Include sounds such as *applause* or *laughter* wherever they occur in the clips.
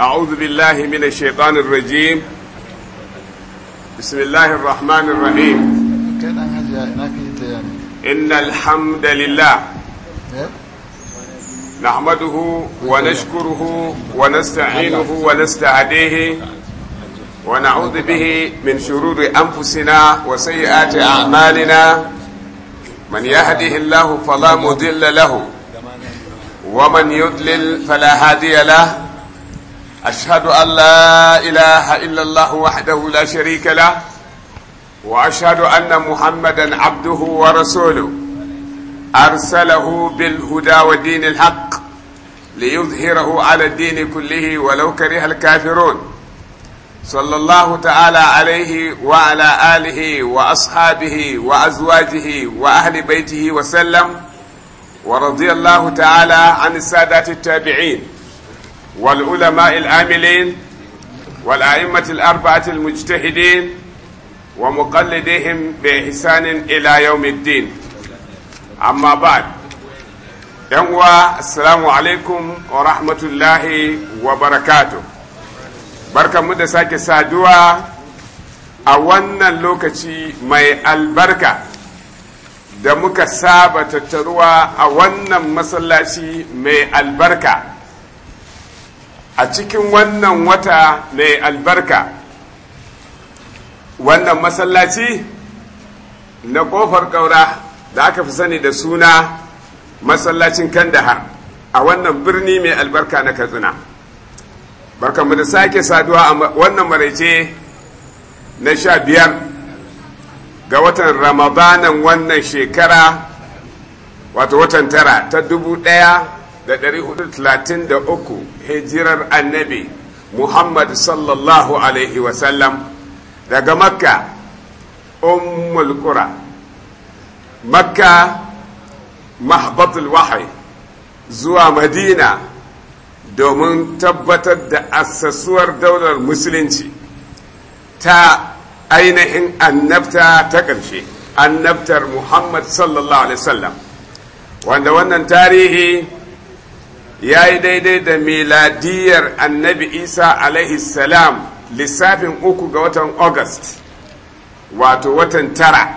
أعوذ بالله من الشيطان الرجيم بسم الله الرحمن الرحيم إن الحمد لله نحمده ونشكره ونستعينه ونستعديه ونعوذ به من شرور أنفسنا وسيئات أعمالنا من يهده الله فلا مضل له ومن يضلل فلا هادي له أشهد أن لا إله إلا الله وحده لا شريك له وأشهد أن محمدا عبده ورسوله أرسله بالهدى ودين الحق ليظهره على الدين كله ولو كره الكافرون صلى الله تعالى عليه وعلى آله وأصحابه وأزواجه وأهل بيته وسلم ورضي الله تعالى عن السادات التابعين والعلماء العاملين والأئمة الأربعة المجتهدين ومقلديهم بإحسان إلى يوم Amma ba'ad, 'yan uwa 'asalamu alaikum wa rahmatullahi wa barakatu mu da sake saduwa a wannan lokaci mai albarka da muka saba tattaruwa a wannan masallaci mai albarka a cikin wannan wata mai albarka wannan masallaci na kofar ƙaura da aka fi sani da suna masallacin kandahar a wannan birni mai albarka na katsina barkanmu da sake saduwa a wannan maraice na sha biyar ga watan ramadanan wannan shekara wata watan tara ta dubu ɗaya da uku hijirar annabi muhammad sallallahu alaihi wasallam daga makka ummul kura makka mahbatul wahai zuwa madina domin tabbatar da assasuwar daular musulunci ta ainihin annabta ta ƙarshe annabtar muhammad sallallahu alaihi wasallam wanda wannan tarihi ya yi daidai da miladiyar annabi isa alaihi salam lissafin uku ga watan august wato watan tara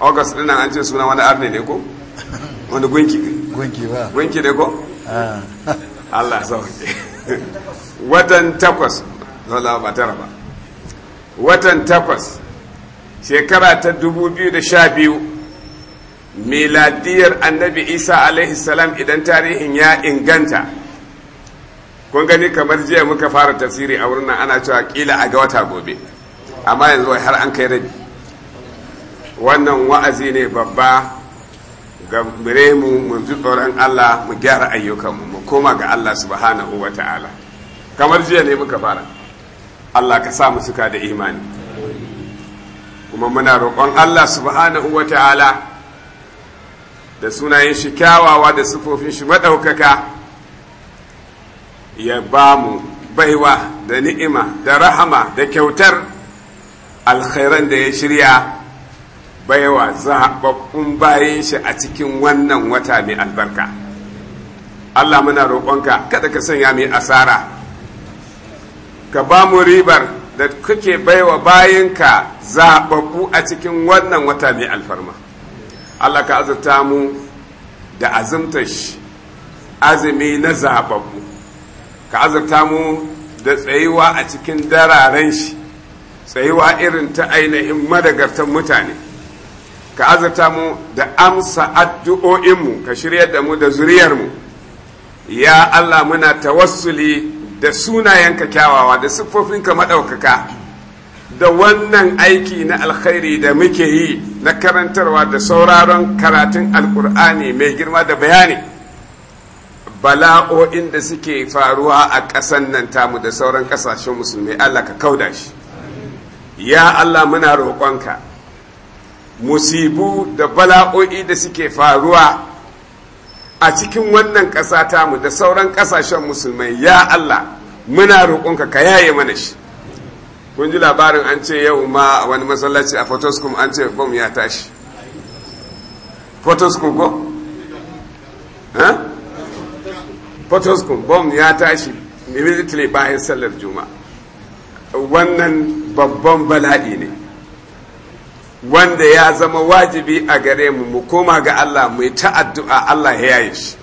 august ɗin an ce suna wani arne ne ko wani gunki gunki ba gunki ne ko ah. *laughs* allah sauke watan takwas zola ba tara ba watan takwas shekara ta 2012 miladiyar annabi isa alaihi salam idan tarihin ya inganta kun gani kamar jiya muka fara tafsiri a wurin ana cewa kila a ga wata gobe amma yanzu har an kai rabi wannan wa'azi ne babba ga mu mu ji tsoron allah mu gyara ayyukanmu mu koma ga allah subhanahu wa ta'ala kamar jiya ne muka fara allah ka sa mu suka da imani kuma muna roƙon allah subhanahu wa ta'ala da sunayen shi kyawawa da sufofin shi maɗaukaka ya ba mu baiwa da ni'ima da rahama da kyautar alkhairan da ya shirya baiwa zaɓaɓɓun bayan shi a cikin wannan wata mai albarka Allah muna roƙonka kada ka sanya mai asara ka ba mu ribar da kuke baiwa bayanka zaɓaɓɓu a cikin wannan wata mai alfarma Allah ka azurta mu da azumtar shi azumi na zaɓaɓɓu ka azurta mu da tsayuwa a cikin dararen shi tsayuwa irin ta ainihin madagartan mutane ka azurta mu da amsa addu'o'inmu ka shirya da mu da zuriyarmu ya Allah muna tawassuli da sunayen kyawawa da siffofinka maɗaukaka da wannan aiki na alkhairi da muke yi na karantarwa da sauraron karatun alkur'ani mai girma da bayani bala'o'in da suke faruwa a ƙasan nan tamu da sauran ƙasashen musulmi allah ka kauda shi ya allah muna roƙonka musibu da bala'o'i da suke faruwa a cikin wannan ƙasa tamu da sauran ƙasashen musulmai ya allah muna roƙonka ka yaye mana shi kun ji labarin an ce yau ma a wani masallaci a photoscom an ce bom ya tashi photoscom ko? photoscom bom ya tashi immediately bayan sallar juma wannan babban bala'i ne wanda ya zama wajibi a gare mu mu koma ga Allah mai ta'addu'a Allah ya yaye shi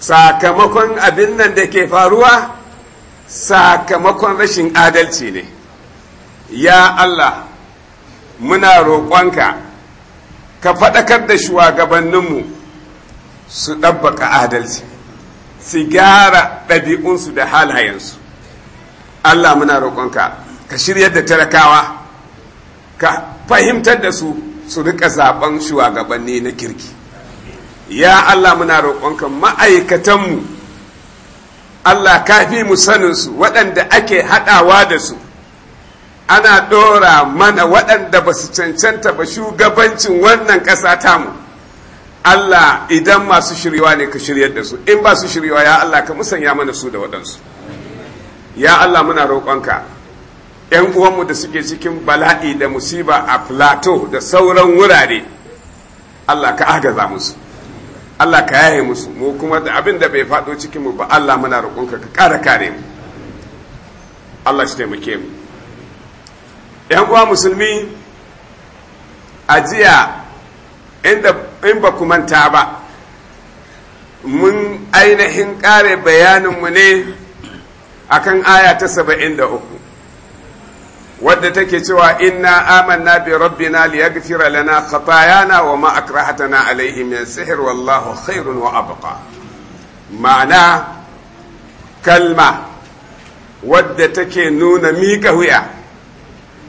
sakamakon abin nan da ke faruwa sakamakon rashin adalci ne ya Allah muna roƙonka ka faɗakar da shugabanninmu su ɗabbaka adalci su gyara ɗabi'unsu da halayensu Allah muna roƙonka ka shirya da tarakawa ka fahimtar da su su rika zaben shugabanni na kirki ya Allah muna roƙonka ma'aikatanmu Allah ka fi mu saninsu waɗanda ake haɗawa da su ana ɗora mana waɗanda ba su cancanta ba shugabancin wannan ƙasa tamu Allah idan masu shiryawa ne ka shiryar da su in ba su shiryawa ya Allah ka musanya mana su da waɗansu ya Allah muna roƙonka ‘yan uwanmu da suke cikin bala'i da musiba a plateau da sauran wurare Allah ka agaza musu Allah ka yaye musu mu kuma da abin da bai faɗo cikinmu ba Allah muna roƙonka ka ƙara kare mu Allah shi taimake mu yan uwa musulmi a jiya in ba ku manta ba mun ainihin ƙare bayaninmu ne akan aya ta saba'in da uku wadda take cewa inna amanna bi rabbina liyaghfira lana khatayana wa ma akrahatana alayhi min sihr wallahu khairun wa abqa ma'ana kalma wadda take nuna mika huya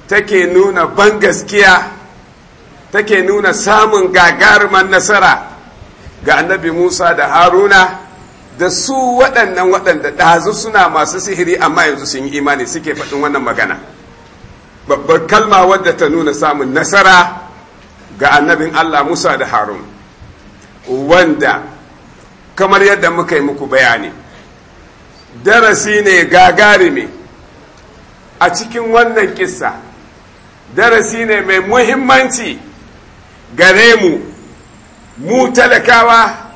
take nuna ban gaskiya take nuna samun gagarumar nasara ga annabi musa da haruna da su waɗannan waɗanda ɗazu suna masu sihiri amma yanzu sun yi imani suke faɗin wannan magana babbar kalma wadda ta nuna samun nasara ga annabin allah musa da harun wanda kamar yadda muka yi muku bayani darasi ne gagarumi a cikin wannan kissa darasi ne mai muhimmanci gare mu mu talakawa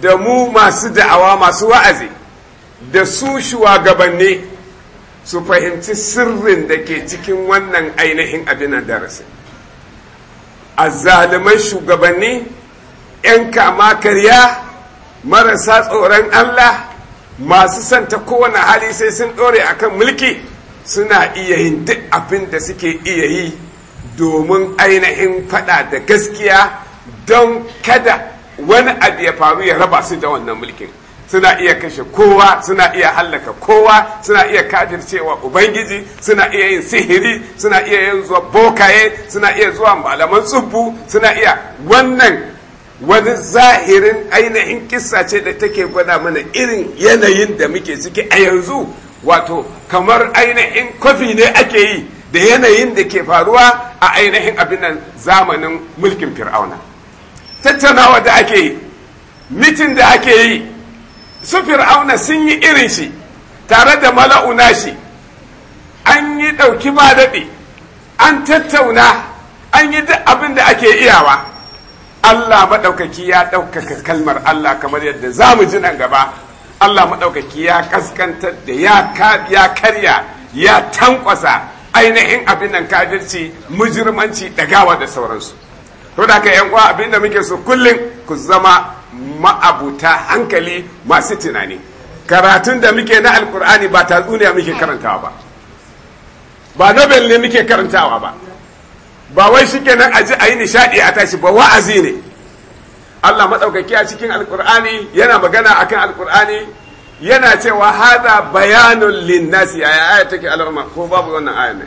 da mu masu da'awa masu wa'azi da su shugabanni su fahimci sirrin da ke cikin wannan ainihin abin darasi a azzaliman shugabanni 'yan kama karya marasa tsoron allah masu santa kowane hali sai sun ɗore akan mulki suna iya yin duk abin da suke iya yi domin ainihin fada da gaskiya don kada wani abu ya faru ya raba su da wannan mulkin suna iya kashe kowa suna iya hallaka kowa suna iya kajircewa ubangiji suna iya yin sihiri suna iya yin zuwa bokaye suna iya zuwa malaman tsubbu suna iya wannan wani zahirin ainihin kissa ce da take gwada mana irin yanayin da muke ciki a yanzu wato kamar ainihin kwafi ne ake yi da yanayin da ke faruwa a ainihin abin nan zamanin mulkin fir'auna tattaunawa da ake yi mitin da ake yi su fir'auna sun yi irin shi tare da mala'una shi an yi ɗauki ba daɗi an tattauna an yi duk abin da ake iyawa Allah maɗaukaki ya ɗaukaka kalmar Allah kamar yadda za mu ji nan gaba Allah maɗaukaki ya kaskantar da ya karya ya tankwasa ainihin abin nan kafirci mujirmanci gawa da sauransu to da ka uwa abin da muke so kullum ku zama ma'abuta hankali masu tunani karatun da muke na alkur'ani ba tatsuniya muke karantawa ba ba nobel ne muke karantawa ba ba wai shi nan a ji a yi nishaɗi a tashi ba wa'azi ne Allah maɗaukaki a cikin alkur'ani yana magana akan alkur'ani yana cewa hada bayanun linnasi a aya take alarma ko babu wannan aya ne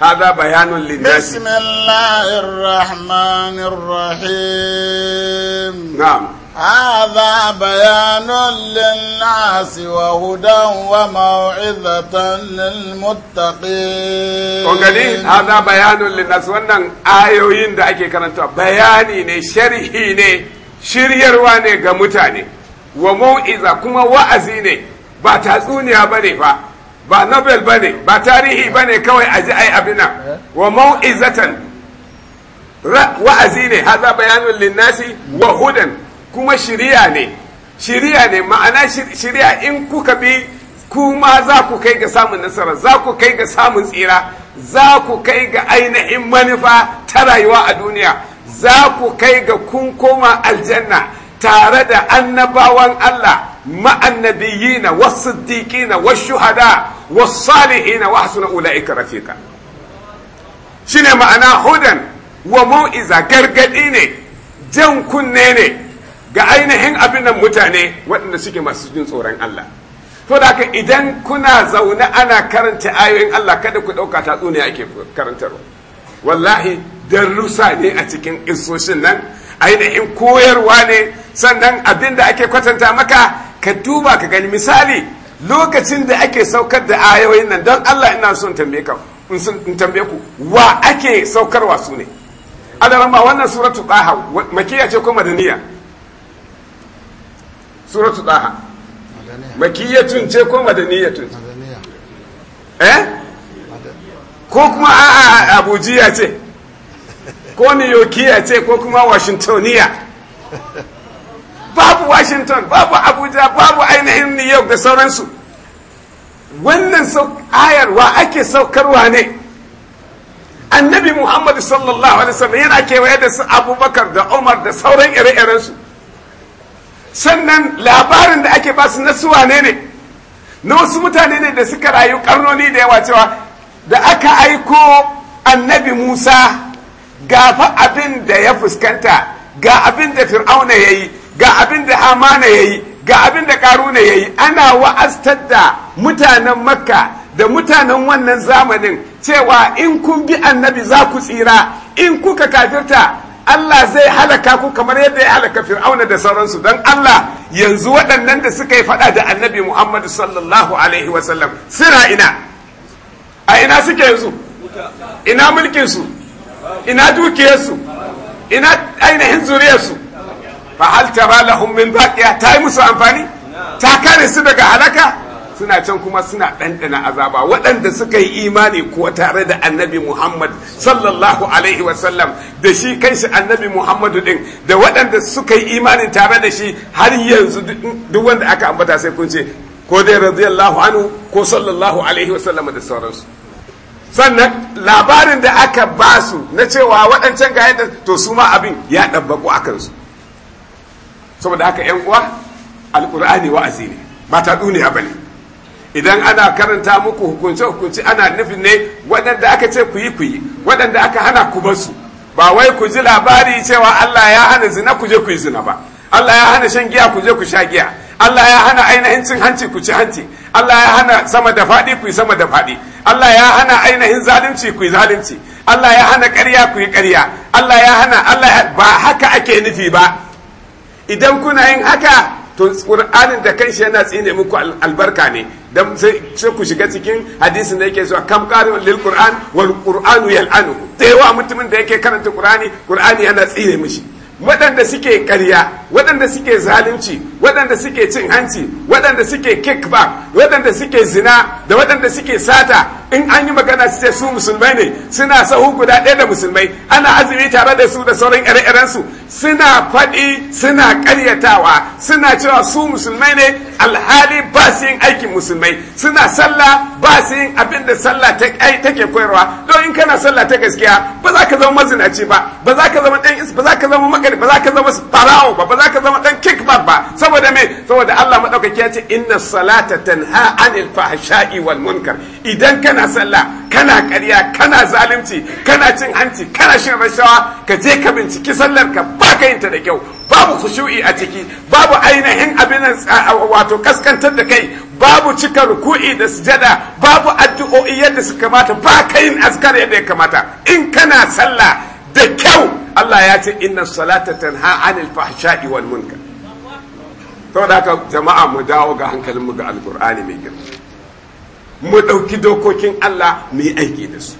hada bayanun linnasi bismillahir rahmanir rahim na'am هذا wa للناس وهدى وموعظة للمتقين وقالي hada bayanun linnasi wannan ayoyin da ake كرانتوا bayani ne sharhi ne shiryarwa ne ga mutane wa mau'iza kuma wa'azi ne ba tatsuniya ba ne ba ba nobel ba ne ba tarihi ba ne kawai a ji ai abinan wa mau'izatan wa'azi ne haza bayanin linnasi wa hudan kuma shiriya ne shirya ne ma'ana shiriya in kuka bi kuma za ku kai ga samun nasara za ku kai ga samun tsira za ku kai ga ainihin manufa ta rayuwa a duniya za ku kai ga kun koma aljanna tare da annabawan Allah ma'annabiyina was-siddiqina wash-shuhada was-salihina wasu hasuna ulaika shi shine ma'ana hudan wa mu'iza gargadi ne jan kunne ne ga ainihin abin mutane waɗanda suke masu jin tsoron Allah to da haka idan kuna zaune ana karanta ayoyin Allah kada ku ɗauka tatsuniya ake karantarwa wallahi darussa ne a cikin isoshin nan ainihin koyarwa ne sannan abin da ake kwatanta maka ka duba ka gani misali lokacin da ake saukar da ayoyin nan don Allah ina son tambaye ku wa ake saukarwa su ne adarama wannan suratu ɗaha makiya ce ko madaniya suratu ɗaha tun ce ko tun eh ko kuma a abujiya ce ko niyokiya ce ko kuma Washingtonia *laughs* babu washington babu abuja babu ainihin new york da sauransu wannan ayarwa ake saukarwa ne annabi muhammadu sallallahu alaihi wasallam yana kewaye da su abubakar da umar da sauran ire-irensu sannan labarin da ake basu na suwa ne ne na wasu mutane ne da suka rayu karnoni da yawa cewa da aka aiko annabi musa ga fa abin da ya fuskanta ga abin da fir'auna ya yi ga abin da hamana ya yi ga abin da karuna ya yi ana wa'astar da mutanen makka da mutanen wannan zamanin cewa in kun bi annabi za ku tsira in kuka kafirta Allah zai halaka ku kamar yadda ya halaka fir'auna da sauransu don Allah yanzu waɗannan da suka yi faɗa da annabi Muhammadu sallallahu alaihi wasallam sira ina a ina suke yanzu ina mulkinsu ina dukiyarsu ina ainihin zuriyarsu fa hal tara lahum min baqiya ta yi musu amfani ta kare su daga halaka suna can kuma suna ɗanɗana azaba waɗanda suka yi imani ko tare da annabi muhammad sallallahu alaihi wasallam da shi kanshi annabi muhammadu ɗin da waɗanda suka yi imani tare da shi har yanzu duk wanda aka ambata sai kun ce ko dai radiyallahu anhu ko sallallahu alaihi wasallam da sauransu sannan labarin da aka ba su na cewa waɗancan ga yadda to su ma abin ya ɗabbaƙo a kansu saboda haka yan uwa alƙur'ani wa'azi ne ba ta duniya ba ne idan ana karanta muku hukunce hukunci ana nufin ne waɗanda aka ce ku yi ku yi waɗanda aka hana ku basu ba wai ku ji labari cewa Allah ya hana zina ku je ku yi zina ba Allah ya hana shan giya ku je ku sha giya Allah ya hana ainihin cin hanci ku ci hanci Allah ya hana sama da faɗi ku yi sama da faɗi Allah ya hana ainihin zalunci ku yi zalunci Allah ya hana ƙarya ku yi ƙarya Allah ya hana Allah ba haka ake nufi ba idan kuna yin haka to qur'anin da kanshi yana tsine muku albarka ne dan sai ku shiga cikin hadisin da yake zuwa kam qarin lil qur'an wal qur'anu yal'anu da yawa mutumin da yake karanta qur'ani qur'ani yana tsine mishi waɗanda suke ƙarya waɗanda suke zalunci waɗanda suke cin hanci waɗanda suke kickback waɗanda suke zina da waɗanda suke sata in an yi magana su ce su musulmai ne suna sahu guda ɗaya da musulmai ana azumi tare da su da sauran ire-irensu suna faɗi suna ƙaryatawa suna cewa su musulmai ne alhali ba su yin aikin musulmai suna sallah ba su yin abin da sallah take koyarwa don in kana sallah ta gaskiya ba za ka zama mazinaci ba ba za ka zama ɗan ba za ka zama hankali ba za ka zama barawo ba ba za ka zama dan kickback ba saboda me saboda Allah madaukaki ya ce inna salata tanha anil fahsha'i wal munkar idan kana sallah kana ƙarya kana zalunci kana cin hanci kana shin rashawa ka je ka binciki sallar ka ba ka yin ta da kyau babu khushu'i a ciki babu ainihin abin wato kaskantar da kai babu cika ruku'i da sujada babu addu'o'i yadda su kamata ba ka yin azkar yadda ya kamata in kana sallah da kyau Allah ya ce inna salata tanha anil fahsha'i wal munkar saboda haka jama'a mu dawo ga hankalinmu ga alkur'ani mai girma mu ɗauki dokokin Allah mu yi aiki da su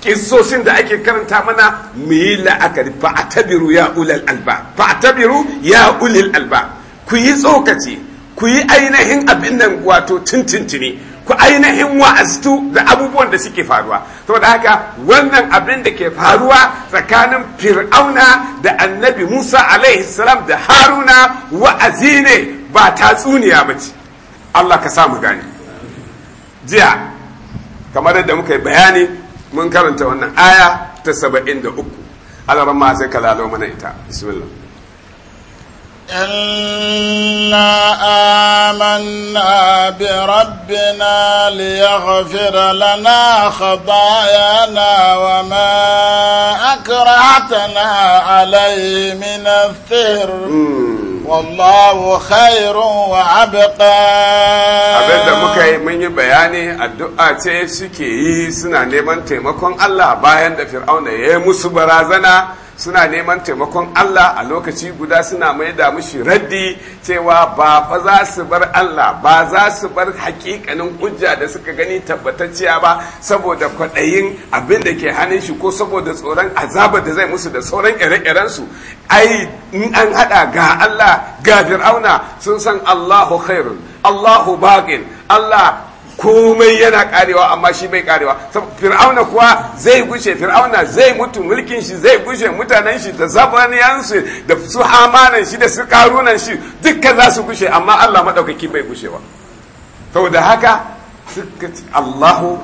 kissosin da ake karanta mana mu yi la'akari fa atabiru ya ulal alba fa atabiru ya ulil alba ku yi tsokaci ku yi ainihin abin nan wato tintintini ku ainihin wa'aztu da abubuwan da suke faruwa saboda haka wannan abin da ke faruwa tsakanin fir'auna da annabi musa alaihi salam da haruna wa'azi ne ba tatsuniya ba ce allah ka samu gani jiya kamar yadda muka yi bayani mun karanta wannan aya ta saba'in da uku sai ka lalo mana ita bismillah إنا آمنا بربنا ليغفر لنا خطايانا وما أكرهتنا عليه wa الثر hmm. والله خير وعبقى abinda muka yi mun yi bayani addu'a ce suke yi suna neman taimakon Allah bayan da fir'auna ya yi musu barazana suna neman taimakon Allah a lokaci guda suna mai da mushi raddi cewa ba fa za su bar Allah ba za su bar hakikanin hujja da suka gani tabbatacciya ba saboda kwaɗayin abin da ke hannun shi ko saboda tsoron azaba da zai musu da sauran ire-iren su ai in an hada ga Allah ga Fir'auna sun san Allahu khairun Allahu baqin Allah komai yana karewa amma shi bai karewa fir'auna kuwa zai gushe fir'auna zai mutu mulkin shi zai gushe mutanen shi da zabaniyan shi da su Amanan shi da su karunan shi dukka za su gushe amma Allah madaukaki bai gushewa saboda haka suka Allahu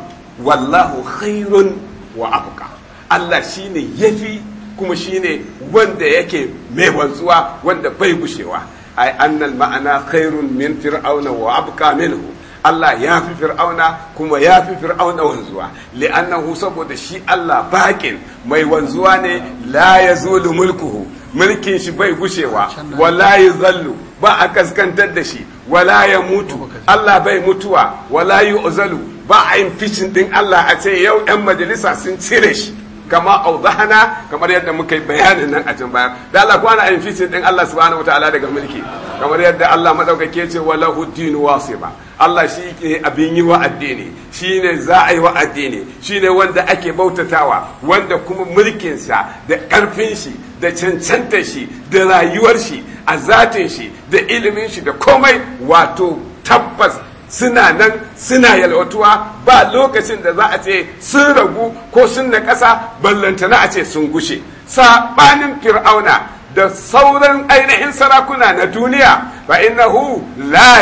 wallahu khairun wa abuka. Allah shine yafi kuma shine wanda yake mai wanzuwa wanda bai gushewa ai annal ma'ana khairun min fir'auna wa abqa minhu Allah ya fi fir'auna kuma ya fi fir'auna wanzuwa li'annahu saboda shi Allah bakin mai wanzuwa ne la yazulu mulkuhu mulkin shi bai gushewa wala zallu ba a kaskantar da shi wala ya mutu Allah bai mutuwa wala yu'zalu ba a yin ficin din Allah a ce yau 'yan majalisa sun cire shi kama auzahana kamar yadda muka yi bayanin nan a can baya da Allah kwana a yin ficin din Allah subhanahu ala daga mulki kamar yadda Allah madaukake ce wala dinu ba. Allah shi ke abin yi wa addini shi ne za a yi wa addini shi ne wanda ake bautatawa wanda kuma mulkinsa da ƙarfin shi da cancantar shi da rayuwar shi a zatin shi da ilimin shi da komai wato tabbas suna nan suna yalwatuwa ba lokacin da za a ce sun ragu ko sun na ƙasa ballantana a ce sun gushe saɓanin fir'auna da sauran ainihin sarakuna na duniya fa hu la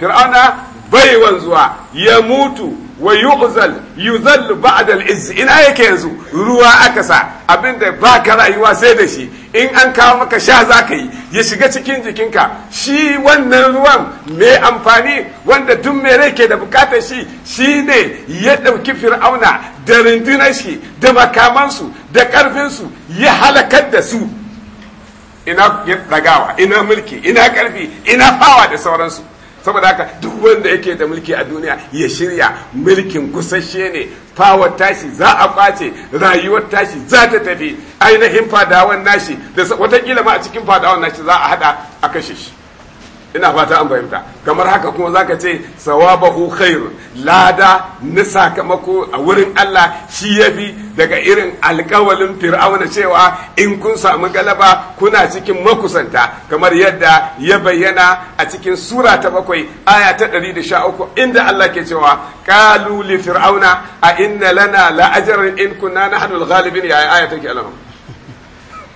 fir'auna bai wanzuwa ya mutu wa yu'zal yuzal ba al-izz ina yake yanzu ruwa aka sa abinda ba ka rayuwa sai da shi in an kawo maka sha zaka yi ya shiga cikin jikinka shi wannan ruwan mai amfani wanda duk mai rai ke da buƙatar shi shi ne ya dauki fir'auna da rundunar shi da makamansu da karfinsu ya halakar da su ina dagawa ina mulki ina karfi ina fawa da sauransu saboda haka duk wanda yake da mulki a duniya ya shirya mulkin kusashe ne fawar tashi za a kwace rayuwar tashi za ta tafi ainihin fadawan nashi da watakila ma a cikin fadawan nashi za a hada a kashe shi ina fata an fahimta kamar haka kuma zaka ce sawabahu khairu lada na sakamako a wurin Allah shi yafi daga irin alkawalin fir'auna cewa in kun samu galaba kuna cikin makusanta kamar yadda ya bayyana a cikin sura ta bakwai aya ta 113 inda Allah ke cewa qalu li fir'auna a inna lana la in kunna nahnu al-ghalibin ya aya take alamu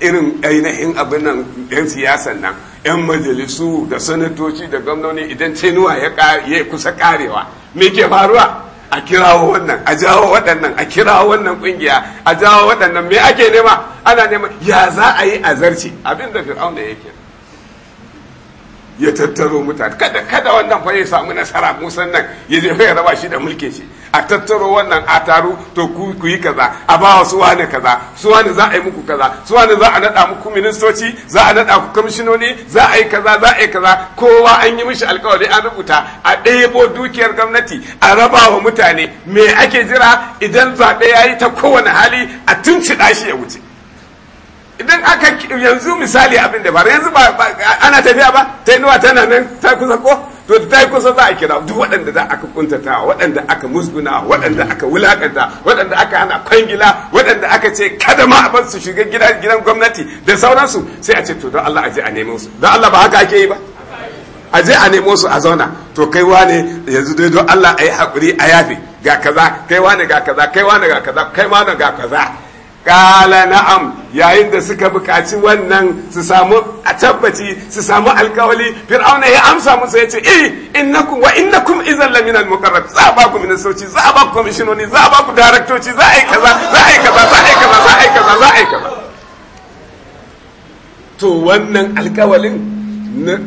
irin ainihin abin nan 'yan siyasan nan 'yan majalisu da sanatoci da gwamnoni idan cenuwa ya kusa karewa me ke faruwa a kirawo wannan a jawo waɗannan a kirawo wannan ƙungiya a jawo waɗannan me ake nema ana nema ya za a yi azarci abin da fir'auna yake ya tattaro mutane kada wannan fa ya samu nasara musan nan ya je ya raba shi da mulkin shi a tattaro wannan a taro to ku yi kaza a ba wa suwa ne kaza suwa ne za a yi muku kaza suwa ne za a naɗa muku ministoci za a naɗa ku kamishinoni za a yi kaza za a yi kaza kowa an yi mishi alkawari an rubuta a ɗebo dukiyar gwamnati a raba wa mutane me ake jira idan zaɓe ya yi ta kowane hali a tunciɗa shi ya wuce idan aka yanzu misali abin da ba yanzu ba ana tafiya ba ta nuwa tana nan ta kusa ko to da ta yi kusa za a kira duk waɗanda za ka kuntata waɗanda aka musguna waɗanda aka wulakanta waɗanda aka hana kwangila waɗanda aka ce kada ma a su shiga gidan gwamnati da sauransu sai a ce to don Allah a je a nemo su don Allah ba haka ake yi ba a je a nemo su a zauna to kai wane yanzu dai don Allah a yi haƙuri a yafe ga kaza kai wane ga kaza kai wane ga kaza kai wane ga kaza kala na'am yayin da suka bukaci wannan su samu a tabbaci su samu alkawali fir'auna ya amsa musu ya ce eh innakum wa innakum idhan la minal muqarrab za ba ku ministoci za ba ku komishinoni za ba ku directorci za a kaza za ai kaza za a yi kaza za a yi kaza za ai kaza to wannan alkawalin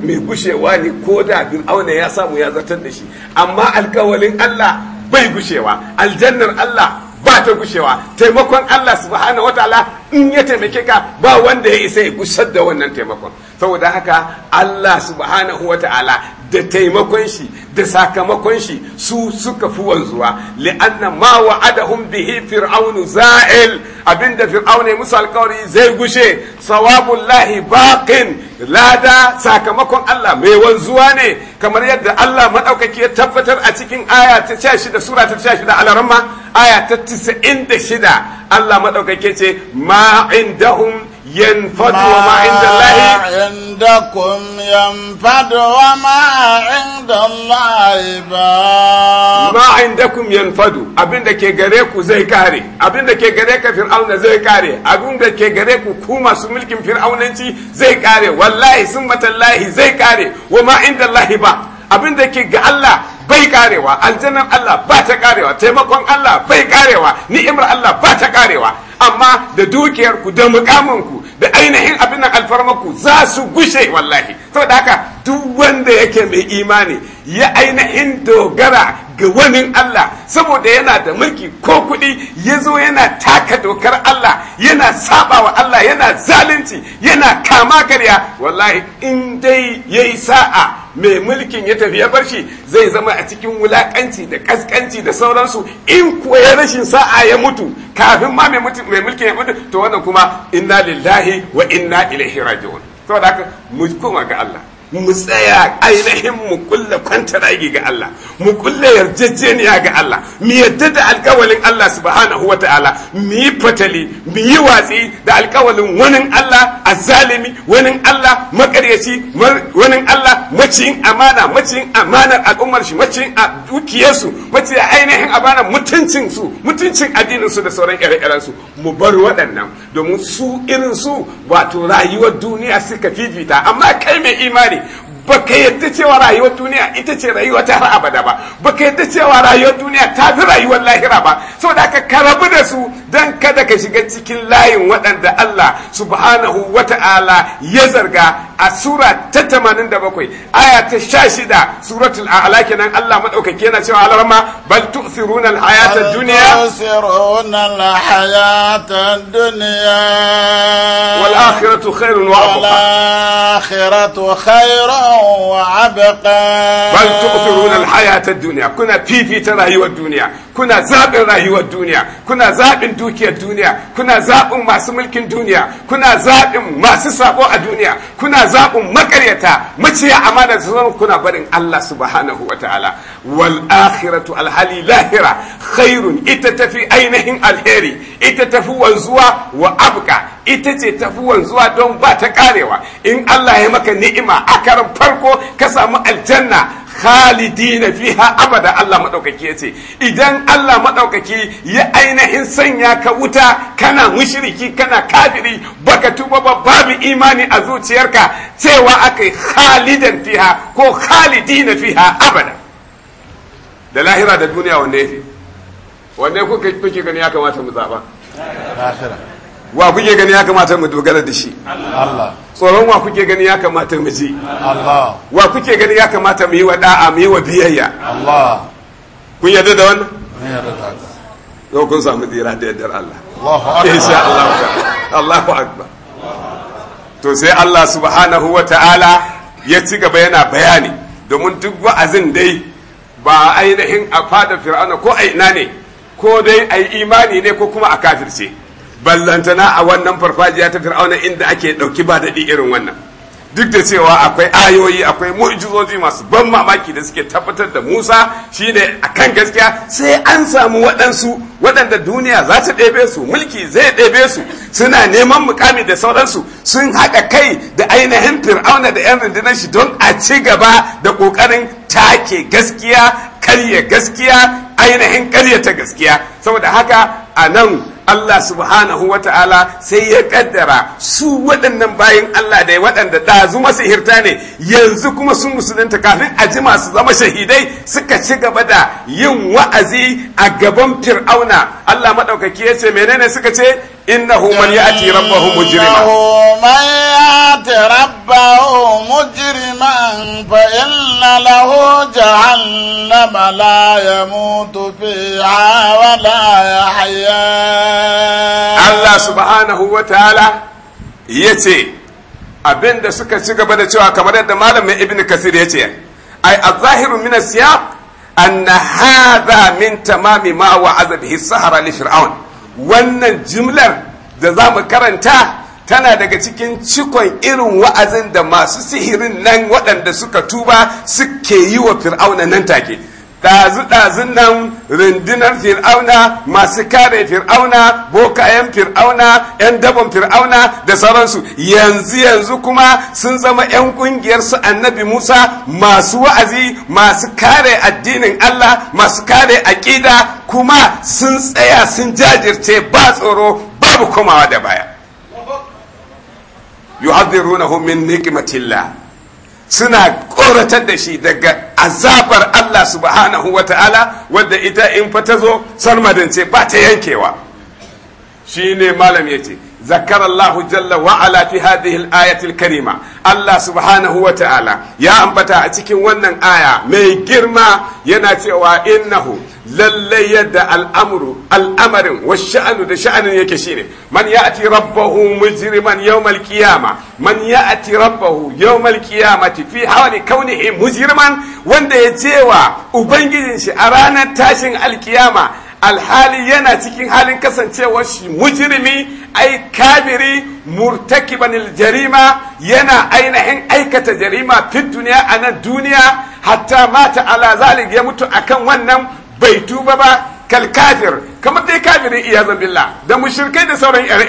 mai gushewa ne ko da fir'auna ya samu ya zartar da shi amma alkawalin Allah bai gushewa aljannar Allah ba ta gushewa taimakon Allah subhanahu wataala in ya taimake ka ba wanda ya isa ya gusar da wannan taimakon saboda haka Allah subhanahu wataala da taimakon shi da sakamakon shi su suka fi wanzuwa li'anna ma wa'adahum bihi fir'aunu za'il abinda fir'aun ya musu alƙawari zai gushe sawabullahi baqin lada sakamakon Allah mai wanzuwa ne kamar yadda Allah maɗaukaki ya tabbatar a cikin aya ta 16 sura ta 16 alarma aya ta Allah maɗaukaki ce ma'in indahum ينفد وما عند الله عندكم ينفد وما عند الله باق ما عندكم ينفد abin da ke gare ku zai kare abin da ke gare ka fir'auna zai kare abin da ke gare ku ku masu mulkin fir'aunanci zai kare wallahi sun matallahi zai kare wa ma inda Allah ba abin da ke ga Allah bai karewa aljannan Allah ba ta karewa taimakon Allah bai karewa ni'imar Allah ba ta karewa amma da dukiyarku da mukamanku da ainihin abin alfarmaku za su gushe wallahi saboda haka duk wanda yake mai imani ya ainihin dogara ga wani Allah saboda yana da mulki ko kuɗi ya zo yana taka dokar Allah yana saba wa Allah yana zalunci yana kama karya wallahi in dai ya yi sa'a mai mulkin ya tafi ya bar shi zai zama a cikin wulakanci da kaskanci da sauransu in kuwa ya rashin sa'a ya mutu kafin ma mai mulkin ya mutu to wannan kuma inna lillahi wa inna ilaihi raji'un saboda haka mu koma ga Allah mu tsaya ainihin mu kulle aiki ga Allah mu kulle yarjejeniya ga Allah mu yadda da alkawalin Allah subhanahu wa ta'ala mu yi fatali mu yi watsi da alkawalin wani Allah azzalimi wani Allah makaryaci wani Allah maciyin amana maciyin amanar al'ummar shi maciyin a dukiyarsu maciyin ainihin amanar mutuncin su mutuncin addinin su da sauran ire-iren su mu bar waɗannan domin su irin su wato rayuwar duniya suka fifita amma kai mai imani baka yadda cewa rayuwar duniya ita ce rayuwa ta har abada ba baka yadda cewa rayuwar duniya ta fi rayuwar lahira ba sau da ka karabu da su dan kada ka shiga cikin layin waɗanda Allah subhanahu ala ya zarga a sura ta 87 aya ta shida suratul a'la kenan Allah maɗaukaki yana cewa alarma bal tu'thiruna al-hayata ad-dunya tu'thiruna al-hayata ad-dunya wal akhiratu khairun wa abqa wal akhiratu khairun وعبقا بل تؤثرون الحياة الدنيا كنا في في ترى هي الدنيا kuna zaɓin rayuwar duniya kuna zaɓin dukiyar duniya kuna zaɓin masu mulkin duniya kuna zaɓin masu sabo a duniya kuna zaɓin makaryata maciya amana da kuna barin Allah subhanahu wa ta'ala wal akhiratu alhali lahira khairun ita tafi ainihin alheri ita tafi wanzuwa wa abka ita ce tafi wanzuwa don ba ta karewa in Allah ya maka ni'ima a karan farko ka samu aljanna khalidi khalidina fiha abada Allah ya ce idan Allah madaukaki ya ainihin sanya ka wuta kana mushiriki kana kafiri baka tuba ba babu imani a zuciyarka cewa akai khalidan fiha ko khalidi khalidina fiha abada da lahira da duniya wanne yafi wanne kuka kuke gani ya kamata mu zaba wa kuke gani ya kamata mu dogara da shi Allah tsoron wa kuke gani ya kamata mu wa kuke gani ya kamata mu yi wa da'a mu yi wa biyayya kun yarda da wannan yau kun samu tsira da yardar Allah insha Allah Allahu akbar to sai Allah subhanahu wa ta'ala ya ci gaba yana bayani domin duk wa'azin dai ba ainihin a fada fir'auna ko a ina ne ko dai a imani ne ko kuma a kafirce ballantana a wannan farfajiya ta fir'auna inda ake ɗauki ba daɗi irin wannan duk da cewa akwai ayoyi akwai mu'jizoji masu ban mamaki da suke tabbatar da musa shine akan gaskiya sai an samu waɗansu waɗanda duniya za ta ɗebe su mulki zai ɗebe su suna neman mukami da sauransu sun haɗa kai da ainihin fir'auna da 'yan rundunar shi don a ci gaba da ƙoƙarin take gaskiya karya gaskiya ainihin karyata gaskiya saboda haka a nan Allah subhanahu wa ta'ala sai ya kaddara su waɗannan bayan Allah da waɗanda ɗazu masu hirta ne yanzu kuma sun musulunta kafin a ji masu zama shahidai suka ci gaba da yin wa'azi a gaban fir'auna Allah maɗaukaki ya ce menene suka ce إنه من يأتي ربه مجرما من يأتي ربه مجرما فإن له جهنم لا يموت فيها ولا يحيا الله سبحانه وتعالى يتي abin da suka ci gaba da cewa kamar yadda malamin ibn kasir ya ce ai azahiru min asiyaq anna hadha min tamami ma wa'aza sahara li fir'aun wannan jimlar da za mu karanta tana daga cikin cikon irin wa'azin da masu sihirin nan waɗanda suka tuba suke yi wa fir'auna nan take ɗazu-ɗazun nan rundunar fir'auna masu kare fir'auna bokayen fir'auna 'yan dabon fir'auna da sauransu yanzu yanzu kuma sun zama 'yan ƙungiyar su annabi musa masu wa'azi masu kare addinin allah masu kare aƙida kuma sun tsaya sun jajirce ba tsoro babu komawa da baya yuhadhirunahu min nikmatillah suna koratar da shi daga azabar Allah subhanahu wa ta'ala wadda ita in fa ta zo sarmadance ba ta yankewa shi ne malam ya ce ذكر الله جل وعلا في هذه الآية الكريمة الله سبحانه وتعالى يا أنبتا أتكين ونن آية مي جرما يناتي وإنه lallai yadda al'amuru al'amarin wa sha'anu da sha'anin yake shine man ya'ti rabbahu mujriman yawmal qiyama man ya'ti rabbahu yawmal qiyamati fi hawli kaunihi mujriman wanda ya cewa ubangijin shi a ranar tashin alkiyama alhali yana cikin halin kasancewar shi mujrimi ai kabiri murtakiban jarima yana ainihin aikata jarima fi duniya a nan duniya hatta mata ala zalik ya mutu akan wannan bai tuba ba kal kafir kamar dai kafirin iyazan billah da mushrikai da sauran ire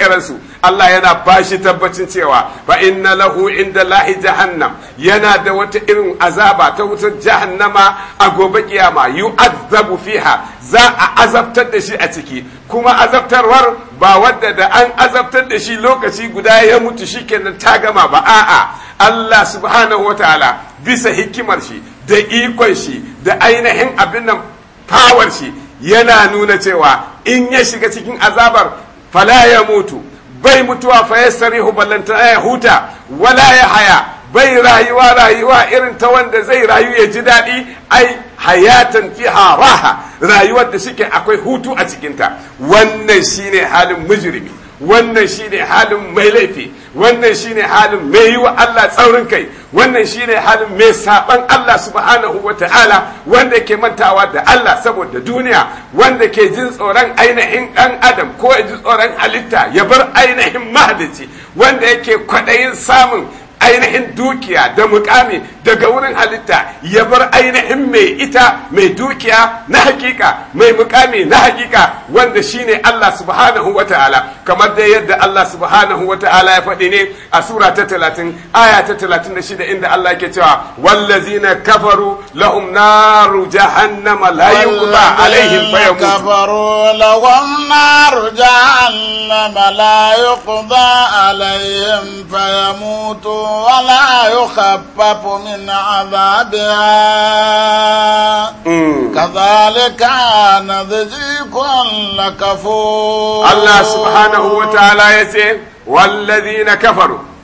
Allah yana bashi tabbacin cewa ba inna lahu inda lahi jahannam yana da wata irin azaba ta wutar jahannama a gobe kiyama yu'azzabu fiha za a azabtar da shi a ciki kuma azabtarwar ba wadda da an azabtar da shi lokaci guda ya mutu shikenan ta gama ba a'a Allah subhanahu wataala bisa hikimar shi da ikon shi da ainihin abin nan power shi yana nuna cewa in ya shiga cikin azabar fala ya mutu bai mutuwa fa sarihu ballanta eh, ya huta wala ya haya bai rayuwa rayuwa irin ta wanda zai rayu ya ji daɗi ai hayatan fiha raha rayuwar da suke akwai hutu a cikinta wannan shine halin mujrimi wannan shine halin mai laifi wannan shine halin mai yi wa Allah tsaurin kai wannan shine halin mai saban Allah subhanahu wa ta'ala wanda ke mantawa da Allah saboda duniya wanda ke jin tsoron ainihin ɗan adam ko ya ji tsoron halitta ya bar ainihin mahadaci wanda yake kwaɗayin samun ainihin dukiya da mukami daga wurin halitta ya bar ainihin mai ita mai dukiya na hakika mai mukami na hakika wanda shine Allah subhanahu wa kamar dai yadda Allah subhanahu wa ta'ala ya faɗi ne a sura ta talatin aya ta talatin da shida inda Allah ke cewa wallazina kafaru lahum naru jahannama la yuqda alaihim kafaru lahum naru jahannama la yuqda alaihim fayamutu wa la yukhaffafu من عذابها كذلك نذجي كل كفور na سبحانه وتعالى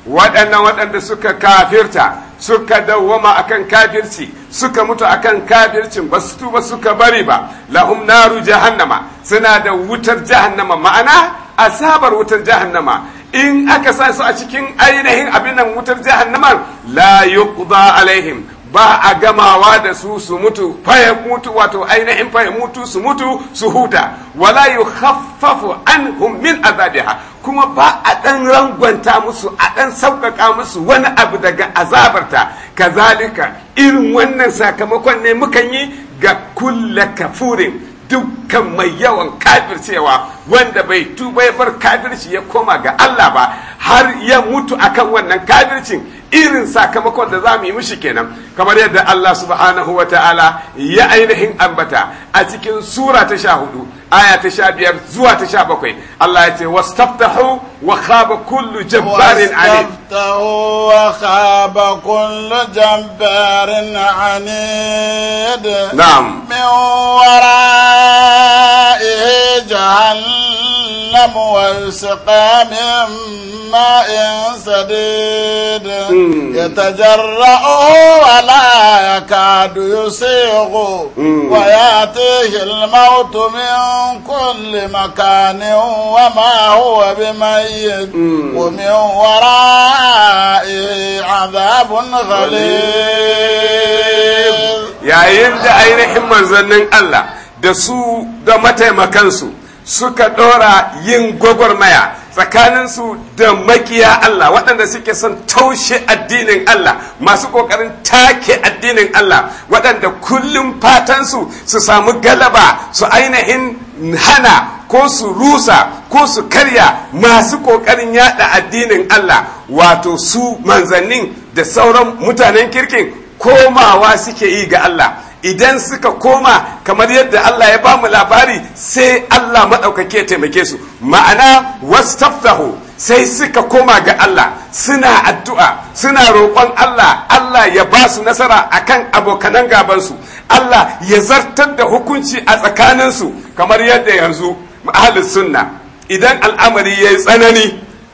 waɗanda suka kafirta suka dawwama akan kafirci suka mutu akan kafircin ba suka bari ba lahum naru jahannama suna da wutar jahannama ma'ana asabar wutar jahannama in aka sa su a cikin ainihin abin nan wutar jahannamar la yuqda alaihim ba a gamawa da su su mutu faye mutu wato ainihin faye mutu su mutu su huta wala yukhaffafu anhum min azabiha kuma ba a dan rangwanta musu a ɗan sauƙaƙa musu wani abu daga azabarta kazalika irin wannan sakamakon ne mukan yi ga kulla kafurin dukkan mai yawan kafircewa wanda bai tuba ya bar kafirci ya koma ga Allah ba har ya mutu akan wannan kafircin irin sakamakon da za mu yi mishi kenan kamar yadda Allah subhanahu wa ta'ala ya ainihin ambata a cikin sura ta sha hudu aya ta sha biyar zuwa ta sha bakwai Allah ya ce wastaftahu wa khaba kullu jabbarin wa khaba kullu jabbarin anid ويسقى من ماء سديد يتجرأه ولا يكاد يسيغ ويأتيه الموت من كل مكان وما هو بميت ومن ورائه عذاب غليظ يا da ainihin manzannin الله دسو دمتي مكانسو suka ɗora yin gwagwarmaya tsakaninsu da makiya Allah waɗanda suke son taushe addinin Allah masu ƙoƙarin take addinin Allah waɗanda kullum fatansu su samu galaba su ainihin hana ko su rusa ko su karya masu ƙoƙarin yada addinin Allah wato su manzannin da sauran mutanen kirkin komawa suke yi ga Allah idan suka koma kamar yadda Allah ya ba mu labari sai Allah maɗaukake taimake su ma'ana wastaftahu sai suka koma ga Allah suna addu'a suna roƙon Allah Allah ya ba su nasara a kan abokanan gabansu Allah ya zartar da hukunci a tsakaninsu kamar yadda yanzu ahlus sunna idan al'amari ya yi tsanani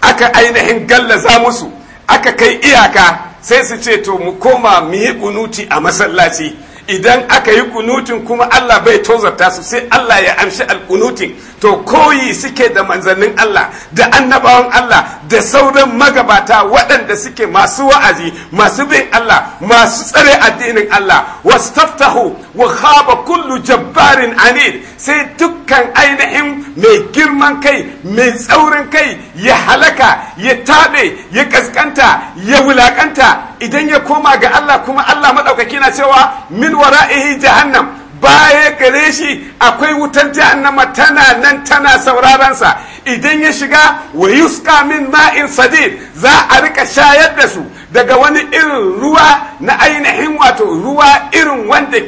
aka ainihin gallaza musu aka kai iyaka sai su ce to mu koma mu yi kunuti a masallaci idan aka yi kunutin kuma Allah bai tozarta su sai Allah ya amshi alkunutin to koyi suke da manzannin Allah da annabawan Allah da sauran magabata waɗanda suke masu wa'azi masu bin Allah masu tsare addinin Allah wasu wastaftahu wa khaba kullu jabbarin anil sai dukkan ainihin mai girman kai mai tsaurin kai ya halaka ya taɓe ya ƙasƙanta ya wulaƙanta. idan ya koma ga Allah kuma Allah maɗaukaki na cewa min wara'ihi jahannam baya gare shi akwai wutar jahannama tana nan tana sauraransa idan ya shiga wa yuska min ma'in sadid za a rika shayar da su daga wani irin ruwa na ainihin wato ruwa irin wanda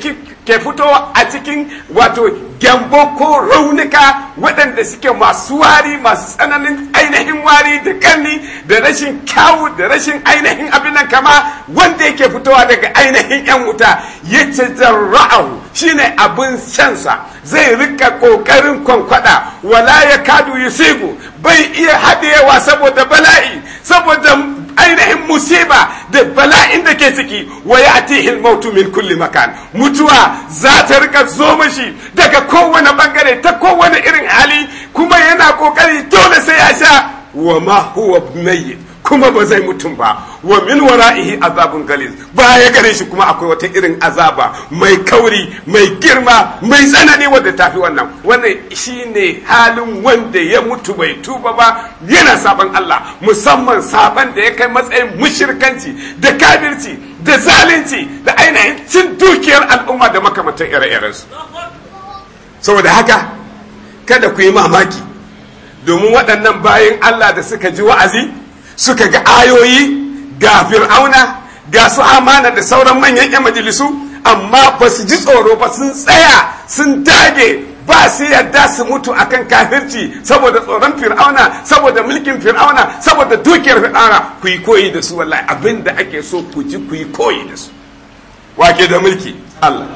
ke fito a cikin wato gyambo ko raunuka waɗanda suke masu wari masu tsananin ainihin wari da ƙarni da rashin kyawu da rashin ainihin abin kama wanda yake fitowa daga ainihin 'yan wuta ya ce zarra'ahu shine abin sansa zai rika ƙoƙarin kwankwada wala ya kadu yusigu bai iya haɗewa saboda bala'i saboda ainihin musiba da bala'in da ke ciki wa ya al-mautu min kulli makan mutuwa za ta rika zo mashi daga kowane bangare ta kowane irin hali kuma yana kokari dole sai ya sha wa ma huwa mayyit kuma ba zai mutum ba wa min wara'ihi azabun galiz ya gare shi kuma akwai wata irin azaba mai kauri mai girma mai tsanani wanda fi wannan wannan shine halin wanda ya mutu bai tuba ba yana sabon Allah musamman sabon da ya kai matsayin mushirkanci da kafirci da zalunci da ainihin cin dukiyar al'umma da makamantan ire-irensu saboda haka kada ku mamaki domin waɗannan bayan Allah da suka ji wa'azi suka ga ayoyi ga fir'auna ga su amana da sauran manyan 'yan majalisu amma ba su ji tsoro ba sun tsaya sun dage ba su yadda su mutu akan kafirci saboda tsoron fir'auna saboda mulkin fir'auna saboda dukiyar fir'auna ku yi koyi da su wallahi abin da ake so ku ji ku yi koyi da su wake da mulki Allah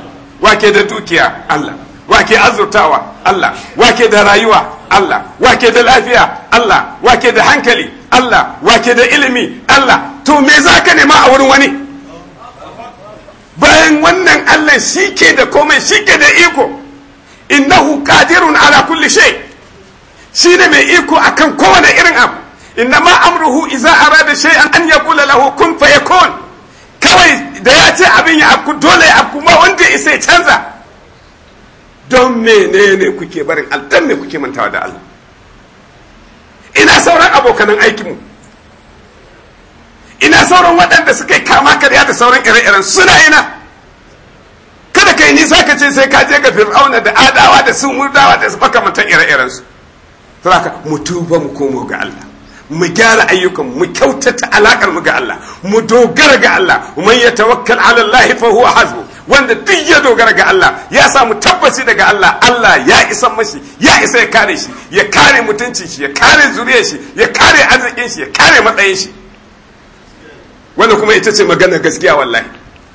wake da dukiya Allah wake azurtawa Allah wake da rayuwa Allah wake da lafiya Allah wake da hankali Allah wake da ilimi Allah to me za ka nema a wurin wani bayan wannan Allah shi ke da komai shi ke da iko innahu qadirun ala kulli shay shi ne mai iko akan kowane irin abu ma amruhu iza arada shay'an an yaqula lahu kun fayakun kawai da ya ce abin ya abku dole ya abku ma wanda isa canza don menene kuke barin Allah don me kuke mantawa da Allah ina sauran abokanan aikinmu ina sauran waɗanda suka yi kama karya da sauran ire-iren suna ina kada ka yi nisa ka ce sai ka je ga fir'auna da adawa da sun murdawa da su makamantan ire-iren su to haka mu tuba mu komo ga Allah mu gyara ayyukan mu kyautata alakar mu ga Allah mu dogara ga Allah man yatawakkal ala Allah fa huwa hasbu wanda duk ya dogara ga Allah ya samu tabbaci daga Allah Allah ya isa mashi ya isa ya kare shi ya kare mutuncin shi ya kare zuriyar shi ya kare arzikin shi ya kare matsayin shi wanda kuma ita ce magana gaskiya wallahi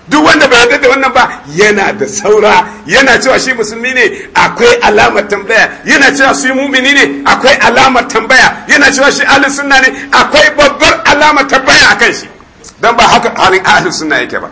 duk wanda bai yarda da wannan ba yana da saura yana cewa shi musulmi ne akwai alamar tambaya yana cewa shi mumini ne akwai alamar tambaya yana cewa shi ahlus sunna ne akwai babbar alamar tambaya akan shi dan ba haka halin ahlus sunna yake ba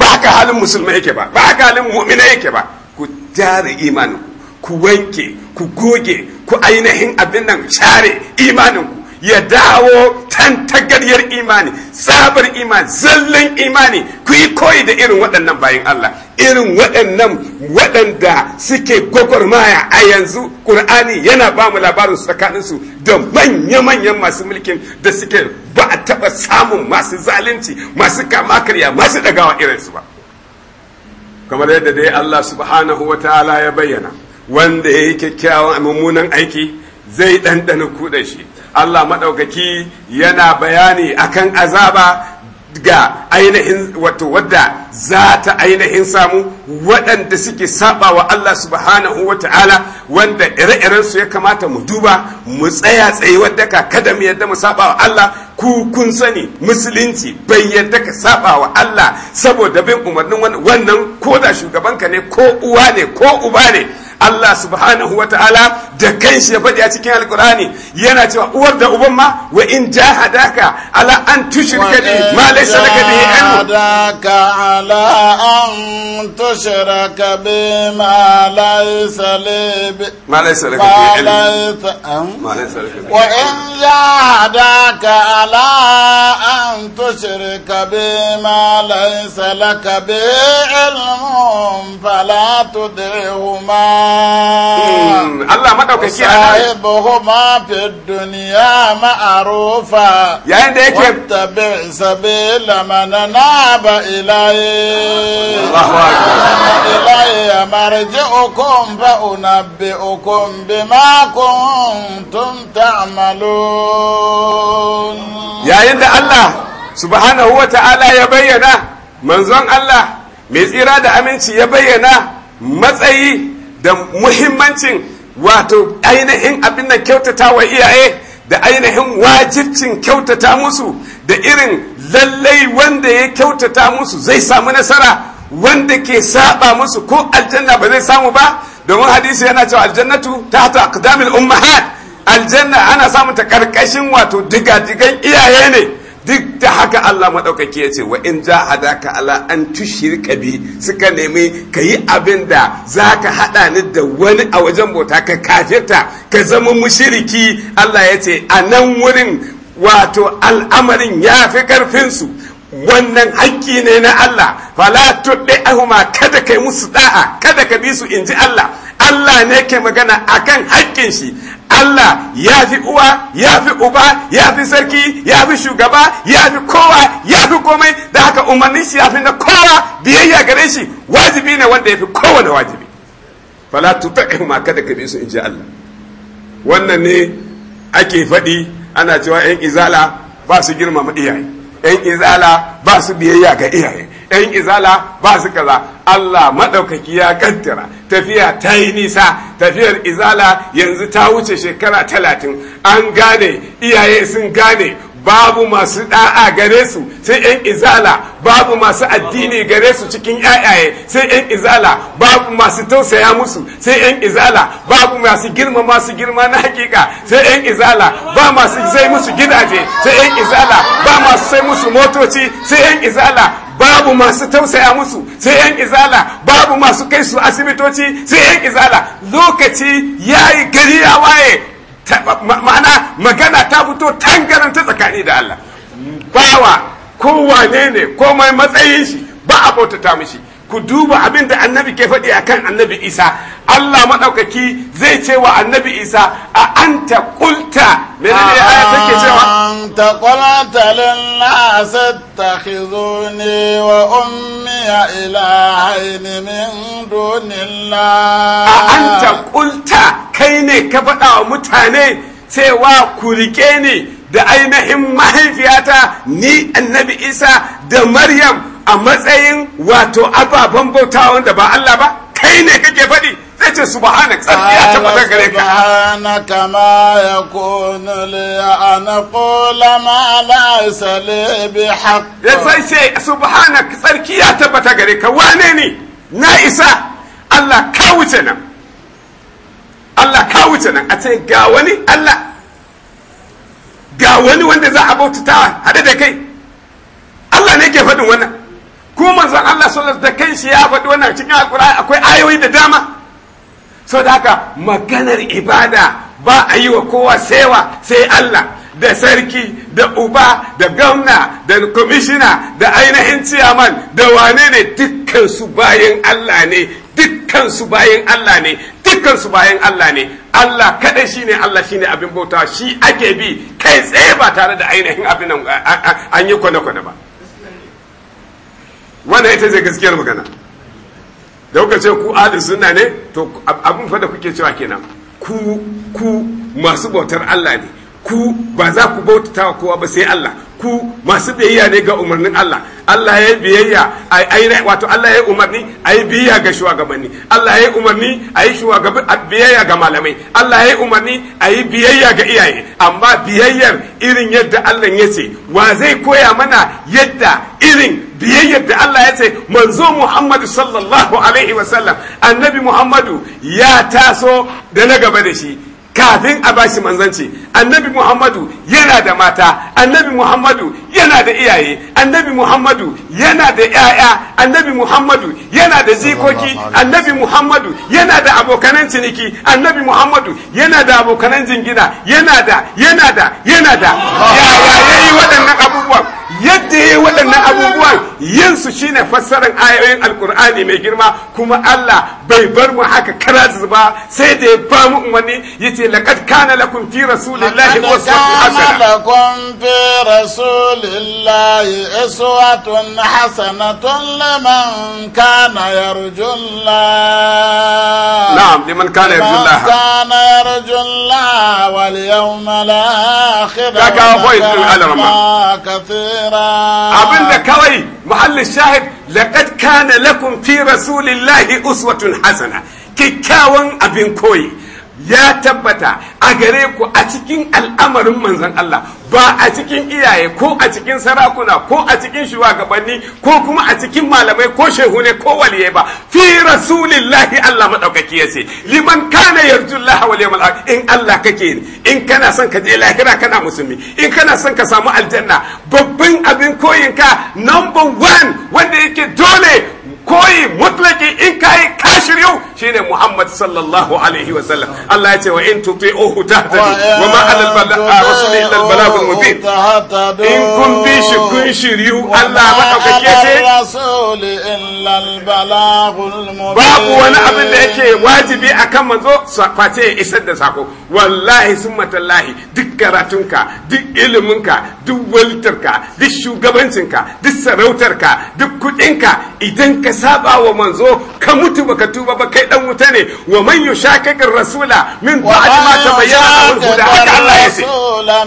ba ka halin musulmai yake ba ba ka halin mu'mina yake ba ku tare imanin ku wanke ku goge ku ainihin abin nan share imanin ku ya dawo tantagaryar imani sabar imani zallan imani ku yi koyi da irin waɗannan bayan Allah irin waɗannan waɗanda suke gwagwarmaya a yanzu ƙur'ani yana ba mu labarin tsakaninsu da manya-manyan masu mulkin da suke ba a taɓa samun masu zalunci masu kama karya masu ɗagawa irinsu ba kamar yadda dai Allah subhanahu wa ta'ala ya bayyana wanda ya yi kyakkyawan mummunan aiki zai ɗanɗana kuɗa shi Allah maɗaukaki yana bayani akan azaba ga ainihin wato wadda za ta ainihin samu waɗanda suke saba wa Allah subhanahu wa ta'ala wanda ire-irensu ya kamata mu duba mu tsaya tsaye wadda ka kada mu yadda mu saba wa Allah ku kun sani musulunci bai yadda ka saba wa Allah saboda bin umarnin wannan ko da shugabanka ne ko uwa ne ko uba ne Allah subhanahu wa ta'ala da kanshi ya faɗi a cikin alkur'ani yana cewa uwar da uban ma wa in jahadaka ala an tushrika bi ma laysa laka bi ilmu jahadaka ala an tushrika bi ma laysa li ma laysa laka bi ilmu wa in jahadaka ala an tushrika bi ma laysa laka bi ilmu fala tudihuma Hmm, Allah madaukaki a nan sahibuhuma fi duniya ma'arufa. yayin da yake tabi sabila man naba ilayhi Allahu akbar ilayhi marji'ukum fa unabbi'ukum bima kuntum ta'malun yayin da Allah subhanahu wa ta'ala ya bayyana manzon Allah mai tsira da aminci ya bayyana matsayi da muhimmancin wato ainihin abin da kyautata wa iyaye da ainihin wajibcin kyautata musu da irin lallai wanda ya kyautata musu zai samu nasara wanda ke saba musu ko aljanna ba zai samu ba domin hadisi yana cewa aljannatu ta tahta aqdamil ummahat aljanna ana samun ta karkashin wato digan iyaye ne duk da haka Allah maɗaukaki ya ce wa in ja ka ala an tushirka bi suka nemi ka yi abin da za ka haɗa ni da wani a wajen bauta ka kafirta ka zama mushiriki Allah ya ce a nan wurin wato al'amarin ya fi ƙarfinsu wannan hakki ne na Allah fala tuɗe ahuma kada kai musu da'a kada ka bi su in ji Allah Allah ne ke magana akan haƙƙin shi Allah ya fi uwa ya fi uba ya fi sarki ya fi shugaba ya fi kowa ya fi komai da haka umarnin shi ya fi na kowa biyayya gare shi wajibi ne wanda ya fi kowa kowane wajibi fala tuta'ihu ma kada ka bi su inji Allah wannan ne ake faɗi ana cewa yan izala ba su girmama iyaye yan izala ba su biyayya ga iyaye yan izala ba su kaza Allah maɗaukaki ya kantara tafiya ta yi nisa tafiyar izala yanzu ta wuce shekara talatin an gane iyaye sun gane babu masu da'a gare su sai 'yan izala babu masu addini gare su cikin yayaye sai 'yan izala babu masu tausaya musu sai 'yan izala babu masu girma masu girma na hakika sai 'yan izala ba masu sai musu gidaje sai 'yan izala ba masu sai musu motoci sai 'yan izala babu masu tausaya musu sai yan izala babu masu kai su asibitoci sai yan izala lokaci yayi gari ya waye ma'ana magana ta fito tangaranta tsakani da Allah bawa kowane ne komai matsayin shi ba a bauta bautata mishi ku duba abin da annabi ke faɗi akan annabi isa allah maɗaukaki zai ce wa annabi isa a an ta kulta mene ne aya take cewa an ta kulta linnas ne wa ummi ilahain min dunillah a an ta kulta kai ne ka faɗa wa mutane cewa ku riƙe ni da ainihin mahaifiyata ni annabi isa da maryam a matsayin wato ababen bauta wanda ba allah ba kai ne kake faɗi zai ce subhanak tsarki ya tabbatar gare ka subhanaka ma yakunu li an aqula ma laysa li bihaq ya sai ce subhanak tsarki ya tabbata gare ka wane ne na isa allah ka wuce nan allah ka wuce nan a ce ga wani allah ga wani wanda za a bautata haɗe da kai Allah ne ke faɗin wannan ko manzon Allah sallallahu da kanshi ya faɗi wannan cikin alkur'ani akwai ayoyi da dama saboda haka maganar ibada ba a yi wa kowa sewa sai Allah da sarki da uba da gwamna da komishina da ainihin ciyaman da wane ne dukkan su bayan Allah ne dukkan su bayan Allah ne dukkan su bayan Allah ne Allah kaɗai shi ne Allah shi ne abin bauta shi ake bi kai tsaye ba tare da ainihin abin an yi kwane-kwane ba wannan ita zai gaskiyar magana da kuka ce ku ahlus suna ne to abin fa da kuke cewa kenan ku ku masu bautar Allah ne ku ba za ku bauta wa kowa ba sai Allah ku masu biyayya ne ga umarnin Allah Allah ya biyayya ai wato Allah ya umarni ai biyayya ga shugabanni Allah ya umarni ai shugaban biyayya ga malamai Allah ya umarni ai biyayya ga iyaye amma biyayyar irin yadda Allah ya ce wa zai koya mana yadda irin biyayyar da Allah ya ce manzo Muhammadu sallallahu alaihi wasallam annabi Muhammadu ya taso da na gaba da shi kafin a bashi manzanci annabi muhammadu yana da mata annabi muhammadu yana da iyaye annabi muhammadu yana da yaya annabi muhammadu yana da zikoki annabi muhammadu yana da abokanan ciniki annabi muhammadu yana da abokanan jingina yana da yana da yana da yaya yayi waɗannan abubuwan yadda yi waɗannan abubuwa yin su shine fassarar ayoyin alkur'ani mai girma kuma Allah bai bar mu haka karas ba sai da ya ba mu umarni ce laƙad kana lakun fi rasulillahi wasu hasana ولله أسوة حسنة لمن كان يرجو الله نعم لمن كان يرجو الله لمن كان يرجو الله واليوم الآخر ذاك كثيرا أبن ذكري محل الشاهد لقد كان لكم في رسول الله أسوة حسنة كيكاون أبن كوي ya tabbata a gare ku a cikin al'amarin manzan Allah ba a cikin iyaye ko a cikin sarakuna ko a cikin shugabanni ko kuma a cikin malamai ko shehu ne ko waliye ba fi rasulillahi Allah madaukaki ya ce liman kana yarjullaha wal yawmal akhir in Allah kake in kana son ka je lahira kana musulmi in kana son ka samu aljanna babban abin koyinka number one wanda yake dole koyi mutlaki in kai kashir yau shine Muhammad sallallahu alaihi wa sallam Allah ya ce wa in tuti'uhu tahtadi wa ma 'ala al-rasul ah, illa al-balagh al-mubin in kun bi shi kun shiryu Allah kake ce babu wani abin da yake wajibi akan manzo face ya isar da sako wallahi summa tallahi duk karatunka duk iliminka duk waltarka duk shugabancinka duk sarautarka duk kudinka idan ka ka saba wa manzo ka mutu baka tuba ba kai dan wuta ne wa man yushaqiqir rasula min ba'd ma tabayyana lahu huda haka Allah ya ce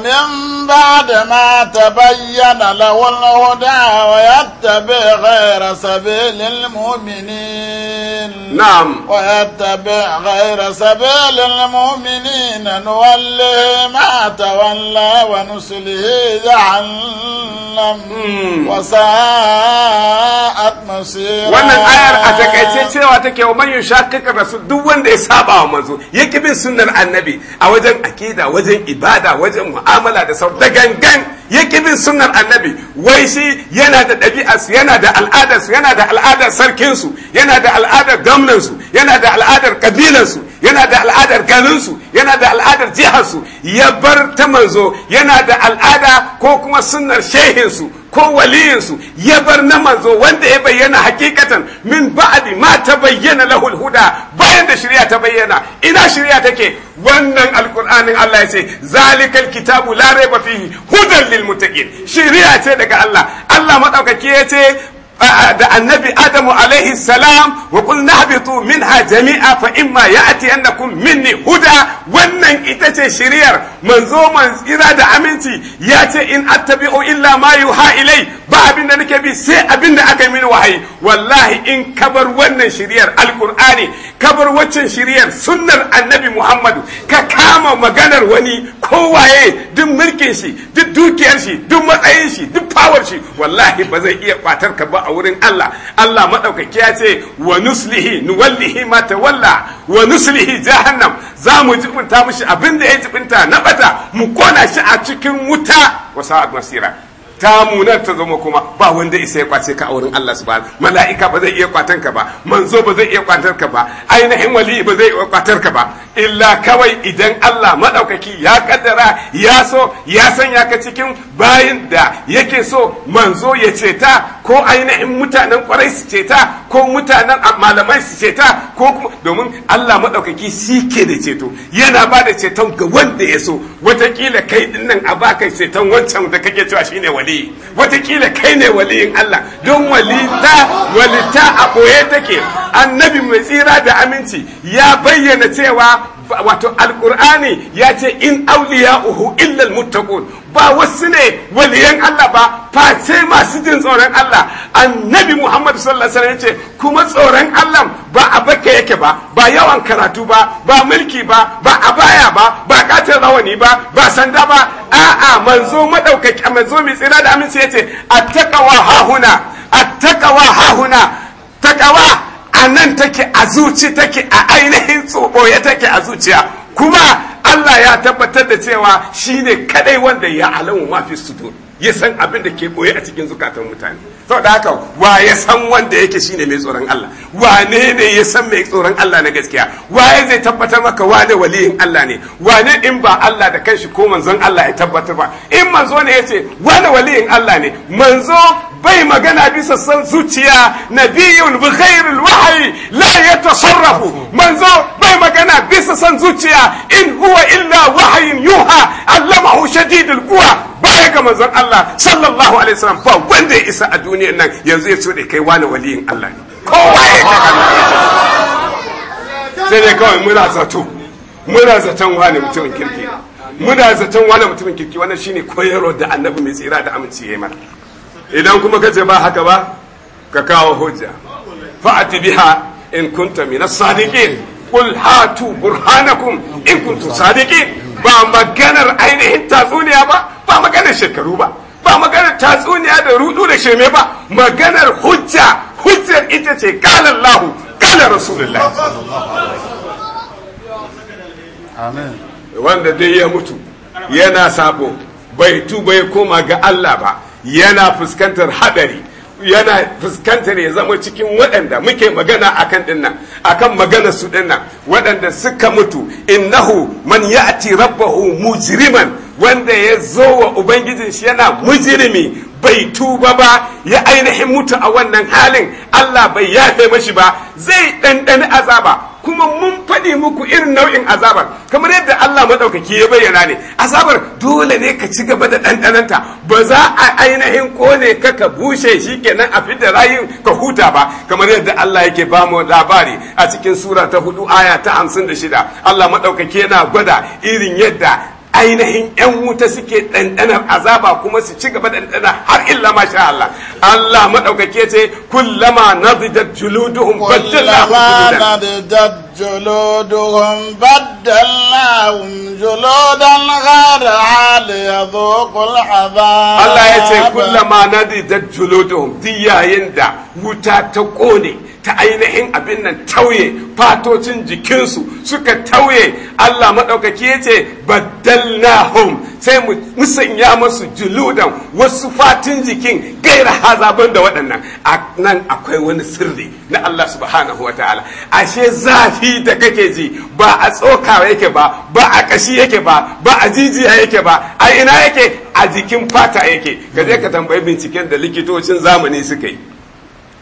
min ba'd ma tabayyana lahu huda wa yattabi ghayra sabilil mu'minin na'am wa yattabi ghayra sabilil mu'minin nuwalli ma tawalla wa nuslihi jahannam hmm. wa sa'at masira wannan ayar a takaice cewa take wa manyan shakaka rasu duk wanda ya saba wa manzo ya bin sunnar annabi a wajen akida wajen ibada wajen mu'amala da sau da gangan ya bin sunnar annabi wai shi yana da ɗabi'arsu yana da al'adarsu yana da al'adar sarkinsu yana da al'adar gwamnansu yana da al'adar kabilansu yana da al'adar garinsu yana da al'adar jiharsu ya bar ta manzo yana da al'ada ko kuma sunnar shehinsu ko waliyinsu ya bar na manzo wanda ya bayyana hakikatan min ba'adi ma ta bayyana lahul huda shirya ta bayyana ina shirya take wannan alkur'anin Allah ya ce zalikal kitabu la raiba fihi hudan lil muttaqin shirya ce daga Allah Allah madaukake ya ce da annabi adamu alaihi salam wa qul nahbitu minha jami'a fa imma ya'ti annakum minni huda wannan ita ce shiriyar manzo man tsira da aminci ya ce in attabi'u illa mayu ha ilai ba abin da nake bi sai abin da aka yi mini wahayi wallahi in ka bar wannan shiriyar alkur'ani ka bar waccan shiriyar sunnar annabi muhammad ka kama maganar wani kowaye duk mulkin shi duk dukiyar shi duk matsayin shi duk fawar shi wallahi ba zai iya kwatar ka ba wurin Allah Allah maɗaukaki ya ce wa nuslihi nuwallihi ma tawalla wa nuslihi jahannam za mu jibinta mishi abin da ya jibinta na bata mu kona shi a cikin wuta wa sa'at masira munar ta zama kuma ba wanda isa ya kwace ka a wurin Allah ba mala'ika ba zai iya kwatar ka ba manzo ba zai iya kwatar ka ba ainihin wali ba zai iya kwatar ka ba illa kawai idan Allah madaukaki ya kaddara ya so ya sanya ka cikin bayan da yake so manzo ya ceta ko ainihin mutanen kwarai su ceta ko mutanen malamai su ceta ko kuma domin Allah madaukaki shi ke da ceto yana ba da ceton ga wanda ya so watakila kai dinnan a ba baka ceton wancan da kake cewa shine wali wali watakila kai ne waliyin Allah don walita walita a ɓoye take annabi mai tsira da aminci ya bayyana cewa wato alkur'ani ya ce in uhu illal muttaqun ba wasu ne waliyan Allah ba face masu jin tsoron Allah annabi Muhammad sallallahu alaihi wasallam ya ce kuma tsoron Allah ba a baka yake ba ba yawan karatu ba ba mulki ba ba a baya ba ba katin rawani ba ba sanda ba a'a manzo madaukaki manzo mai tsira da aminci ya ce attaqwa hahuna attaqwa hahuna takawa a nan take a zuci take a ainihin ɓoye take a zuciya kuma Allah ya tabbatar da cewa shi ne kadai wanda ya alamu mafi sudur ya san abin da ke ɓoye a cikin zukatan mutane sau da haka wa ya san wanda yake shine mai tsoron Allah wane ne ya san mai tsoron Allah na gaskiya waye zai tabbatar maka wane waliyin Allah ne wane in ba Allah da kanshi ko manzon Allah ya tabbatar ba in manzo ne ya ce wane waliyin Allah ne manzo bai magana bisa san zuciya nabiyun bi khairil wahyi la yatasarrafu manzo bai magana bisa san zuciya in huwa illa wahyin yuha allamahu shadidul quwa baya ga manzon Allah sallallahu alaihi wasallam ba wanda ya isa a duniyar nan yanzu ya tsode kai wani waliyin Allah ne kowa ya ta sai dai kawai muna zato muna zaton wani mutumin kirki muna zaton wani mutumin kirki wannan shine koyarwa da annabi mai tsira da aminci yayi mana idan kuma kace ba haka ba ka kawo hujja fa'ati biha in kunta min as-sadiqin qul hatu burhanakum in kuntum sadiqin ba maganar ainihin tatsuniya ba ba maganar shekaru ba ba maganar tatsuniya da rudu da sheme ba maganar hujja hujjar ita ce qala Allah qala rasulullah amen wanda dai ya mutu yana sabo bai tuba ya koma ga Allah ba yana fuskantar haɗari yana fuskantar ya zama cikin waɗanda muke magana a kan akan a kan magana su nan waɗanda suka mutu innahu man ati rabbahu mujiriman wanda ya zo wa ubangijin shi yana mujirimi bai tuba ba ya ainihin mutu a wannan halin Allah bai yafe mashi ba zai ɗanɗani azaba kuma mun faɗi muku irin nau'in azabar kamar yadda Allah maɗaukaki ya bayyana ne azabar dole ne ka ci gaba da ɗanɗananta ba za a ainihin kone ka ka bushe shi kenan a fidda rayu ka huta ba kamar yadda Allah yake ba mu labari a cikin sura ta hudu aya ta hamsin da shida Allah maɗaukaki yana gwada irin yadda ainihin 'yan wuta suke ɗanɗanar azaba kuma su ci gaba ɗanɗana har illa ma sha Allah Allah maɗaukake ce kullama nabidat juluduhum baddallahu juludan juluduhum baddallahum juludan ghayra liyadhuqul azab Allah ya ce kullama nabidat juluduhum diyayin da wuta ta kone ta ainihin abin nan tauye fatocin jikinsu suka tauye Allah maɗaukaki ya ce baddalnahum sai mu musanya masu juludan wasu fatin jikin gaira hazaban da waɗannan a nan akwai wani sirri na Allah subhanahu wa ta'ala ashe zafi da kake ji ba a tsoka yake ba ba a ƙashi yake ba ba a jijiya yake ba a ina yake a jikin fata yake ka je ka tambayi binciken da likitocin zamani suka yi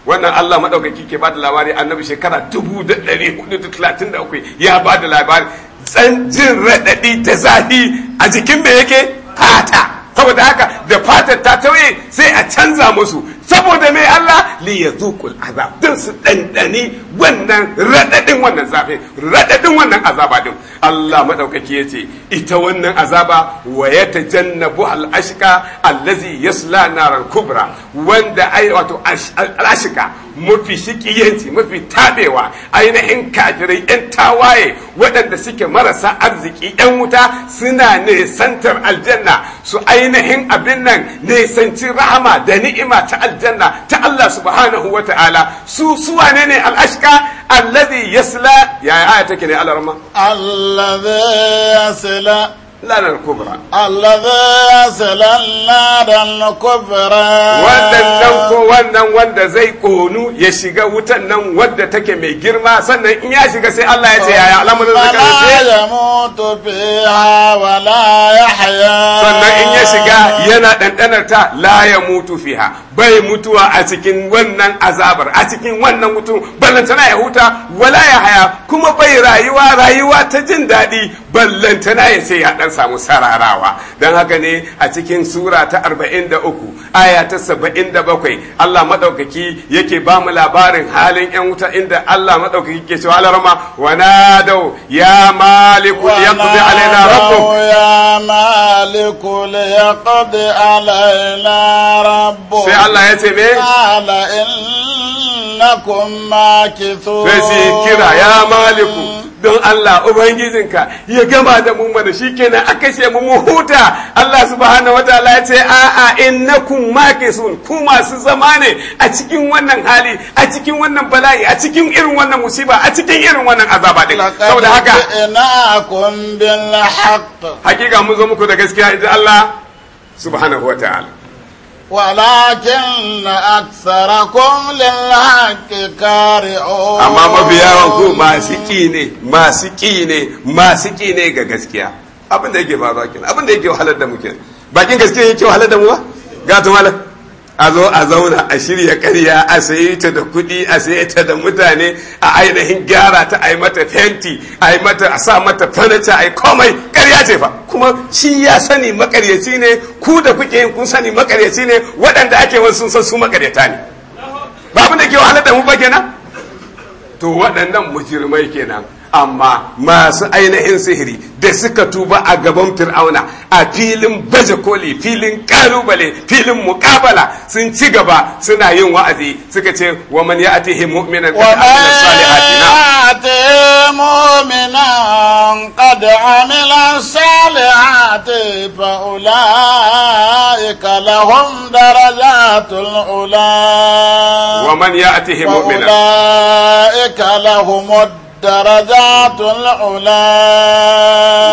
wannan Allah maɗaukaki ke ba da labari annabi shekara dubu da ɗari hudu da talatin da uku ya bada labari tsanjin raɗaɗi ta zahi a jikin da yake fata saboda haka da fatar ta tauye sai a canza musu saboda mai Allah li yazuqul azab din su dandani wannan radadin wannan zafin radadin wannan azaba din Allah madaukaki yace ita wannan azaba wa yatajannabu al ashqa allazi yasla narar kubra wanda ai wato al mafi shikiyanci mafi tabewa ainihin kafirai yan tawaye waɗanda suke marasa arziki yan wuta suna nisantar aljanna su ainihin abin nan nisanci rahama da ni'ima ta aljanna aljanna ta Allah subhanahu wa ta'ala su su wane ne al'ashka allazi yasla ya aya take ne Allah rahma allazi yasla النار الكبرى الذي يصل النار الكبرى wannan ko wannan wanda zai konu ya shiga wutan nan wadda take mai girma sannan in ya shiga sai Allah ya ce yaya al'amarin zaka ne ya mutu fiha wa la yana ɗanɗanar ta la ya mutu fiha bai mutuwa a cikin wannan azabar a cikin wannan mutum ballantana ya huta wala ya haya kuma bai rayuwa rayuwa ta jin daɗi ballantana ya ce ya ɗan samu sararawa don haka ne a cikin sura ta arba'in da uku. aya ta saba'in da bakwai Allah maɗaukaki yake ba mu labarin halin yan wuta inda Allah maɗaukaki ke cewa larama wa nadau ya maliku alaina ya maliku alaina rabbuk sai Allah ya ce me ala innakum makithun sai su kira ya maliku don Allah ubangijinka ya gama da mu mana shikenan a kashe mu mu huta Allah subhanahu wataala ya ce a a innakum makisun ku masu zama ne a cikin wannan hali a cikin wannan bala'i a cikin irin wannan musiba a cikin irin wannan azaba din saboda haka innakum bil haqq hakika mu zo muku da gaskiya idan Allah subhanahu wataala walakin aksarakum lilhaqqi kari'un amma mabiyawan ku masu ki ne masu ki ne masu ki ne ga gaskiya abin da yake faruwa kenan abin da yake wahalar da mu kenan bakin gaskiya yake wahalar da mu ba ga a zo a zauna a shirya karya a sayi ta da kuɗi a sayi ta da mutane a ainihin gyara ta a yi mata fenti a mata a sa mata furniture a yi komai karya ce fa kuma shi ya sani makaryaci ne ku da kuke yin kun sani makaryaci ne waɗanda ake wani sun san su makaryata ne babu da ke wahalar da mu ba kenan to waɗannan mujirmai kenan amma masu ainihin sihiri da suka tuba a gaban fir'auna a filin baje koli filin kalubale filin mukabala sun ci gaba suna yin wa'azi suka ce wa man ya'tihi mu'minan qad amila salihati fa ulaika lahum darajatul ula wa man ya'tihi mu'minan ulaika lahum darajatu al'ula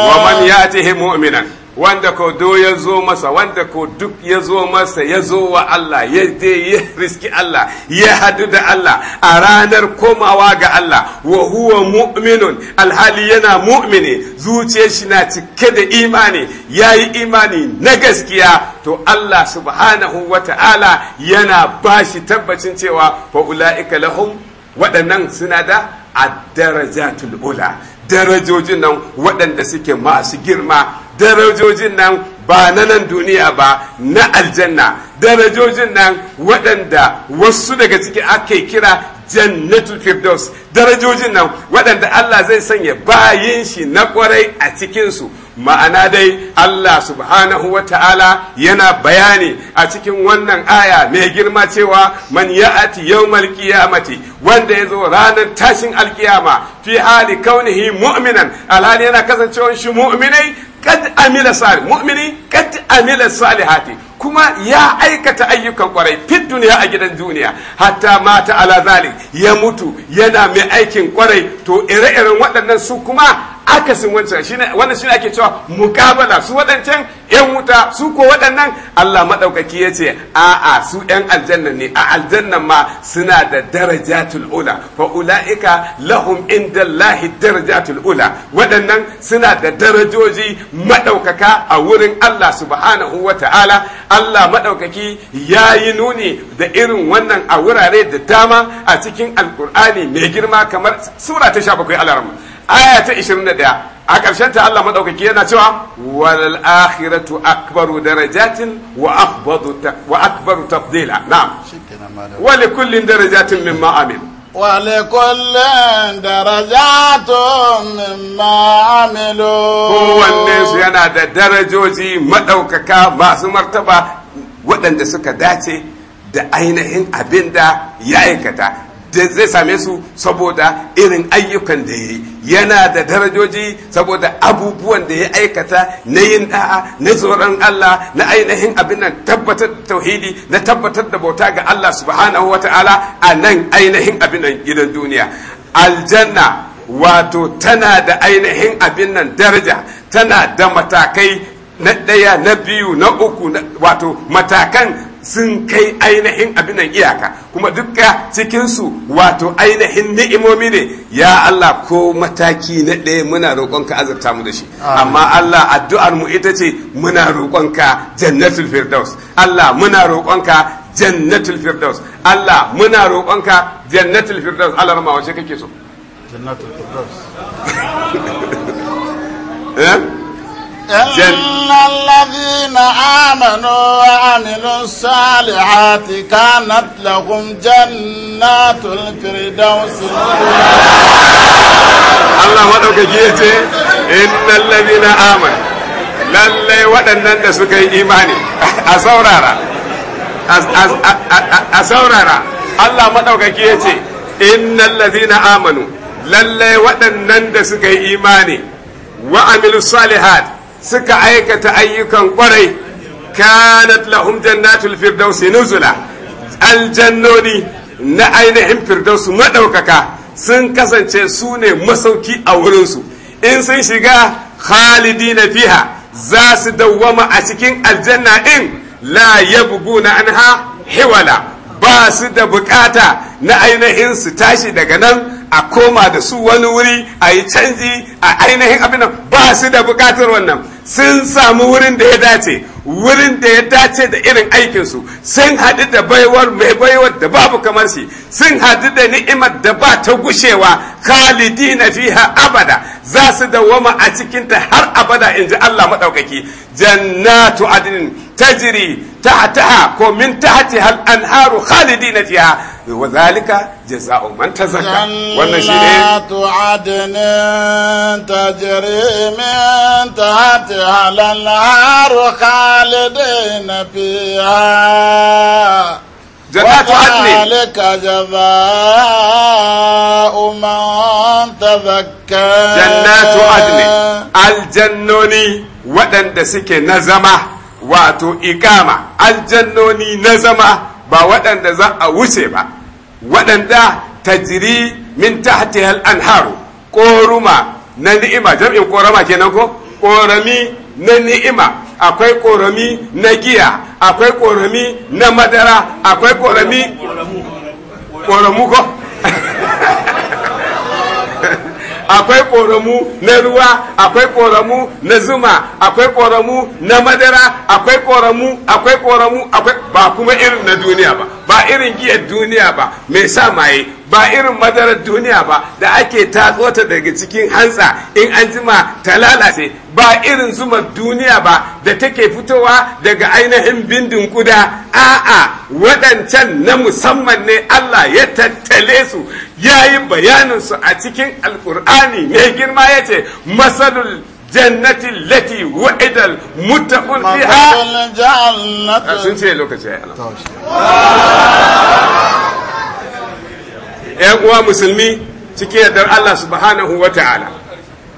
wa man ya'tihi mu'minan wanda ko do ya zo masa wanda ko duk ya zo masa ya zo wa Allah ya je ya riski Allah ya hadu da Allah a ranar komawa ga Allah wa huwa mu'minun alhali yana mu'mini zuciyar shi na cike da imani yayi imani na gaskiya to Allah subhanahu wata'ala yana bashi tabbacin cewa fa ulaika lahum waɗannan suna da a darajatul ula darajojin nan waɗanda suke masu girma darajojin nan ba na nan duniya ba na aljanna darajojin nan waɗanda wasu daga ciki ake kira jannatu firdaus darajojin nan waɗanda Allah zai sanya bayin shi na kwarai a cikinsu ma'ana dai Allah subhanahu wa ta'ala yana bayani a cikin wannan aya mai girma cewa man ya'ati yawmal qiyamati wanda ya zo ranar tashin alkiyama fi hali kaunihi mu'minan alhali yana kasancewa shi mu'minai kad amila salih mu'mini kad amila salihati kuma ya aikata ayyukan kwarai fit duniya a gidan duniya hatta mata ala zalik ya mutu yana mai aikin kwarai to ire-iren waɗannan su kuma akasin wancan shine wannan shine ake cewa mukabala su waɗancan yan wuta su ko waɗannan Allah madaukaki yace a a su yan aljanna ne a aljanna ma suna da darajatul ula fa ulaika lahum indallahi darajatul ula waɗannan suna da darajoji madaukaka a wurin Allah subhanahu wata'ala Allah madaukaki yayi nuni da irin wannan a wurare da dama a cikin alƙur'ani mai girma kamar sura ta 17 alarma aya ta 21 a ƙarshen ta Allah madaukaki yana cewa wal akhiratu akbaru darajatin wa afdadu wa akbaru tafdila na'am wa li kullin darajatin mimma amil wa li kullin darajatun mimma amilu kowanne su yana da darajoji madaukaka masu martaba waɗanda suka dace da ainihin abin da ya aikata da zai same su saboda irin ayyukan da ya yi yana da darajoji saboda abubuwan da ya aikata na yin da'a na tsoron Allah na ainihin abin nan tabbatar da tauhidi na tabbatar da bauta ga Allah subhanahu wata'ala a nan ainihin abin nan gidan duniya aljanna wato tana da ainihin abin nan daraja tana da matakai na ɗaya na biyu na uku wato matakan sun kai ainihin abinan iyaka kuma dukka cikinsu wato ainihin ni'imomi ne ya Allah ko mataki na ɗaya muna roƙonka azurta mu da shi amma Allah addu'ar mu ita ce muna roƙonka jannatul firdaus Allah muna roƙonka jannatul firdaus Allah muna roƙonka jannatul firdaus Allah rama wace kake so jannatul firdaus *laughs* eh? إن الذين آمنوا وعملوا الصالحات كانت لهم جنات الفردوس Allah maɗaukaki lallai waɗannan da suka yi imani, a saurara, a saurara, Allah maɗaukaki ya ce, Innan lalina amanu, lallai waɗannan da suka yi imani, wa amilu salihat suka aikata ayyukan kwarai kanat lahum jannatul firdausi nuzula aljannoni na ainihin firdausu madaukaka sun kasance su ne masauki a wurinsu in sun shiga khalidina fiha za su dawwama a cikin aljanna in la na anha hiwala ba su da bukata na ainihin su tashi daga nan a koma da su wani wuri a yi canji a ainihin abin nan ba su da bukatar wannan sun samu wurin da ya dace wurin da ya dace da irin aikinsu sun haɗu da baiwar mai baiwar da babu kamar shi sun haɗu da ni'imar da ba ta gushewa khalidi na fiha abada za su dawwama a cikinta har abada in ji Allah maɗaukaki jannatu adinin tajri tahtaha ko min tahtiha al-anharu khalidina fiha wa zalika jazaa'u man tazakka wannan shine tu'adnin tajri min tahtiha جنات عدن جزاء من تزكى جنات عدن الجنوني ودن نزمه wato ikama aljannoni na zama ba waɗanda za a wuce ba waɗanda ta jiri min ta tahtihal anharu ƙoruma na ni'ima jam'in korama kenan ko ƙorami na ni'ima akwai ƙorami na giya akwai ƙorami na madara akwai ƙorami ƙoramu ko *laughs* akwai ƙoramu na ruwa akwai ƙoramu na zuma akwai ƙoramu na madara akwai ƙoramu akwai ƙoramu akwai ba kuma irin na duniya ba ba irin giyar duniya ba mai sa maye ba irin madarar duniya ba da ake tatso ta daga cikin hantsa in an jima ta lalace ba irin zuma duniya ba da take fitowa daga ainihin bindin kuda a'a waɗancan na musamman ne Allah ya tattale su ya yi su a cikin alkur'ani mai girma ya ce masalul jannati lati wa'idal المتقون fiha. Ah, sun ce lokaci ya *laughs* ‘yan uwa musulmi cikin yadda Allah subhanahu wa ta'ala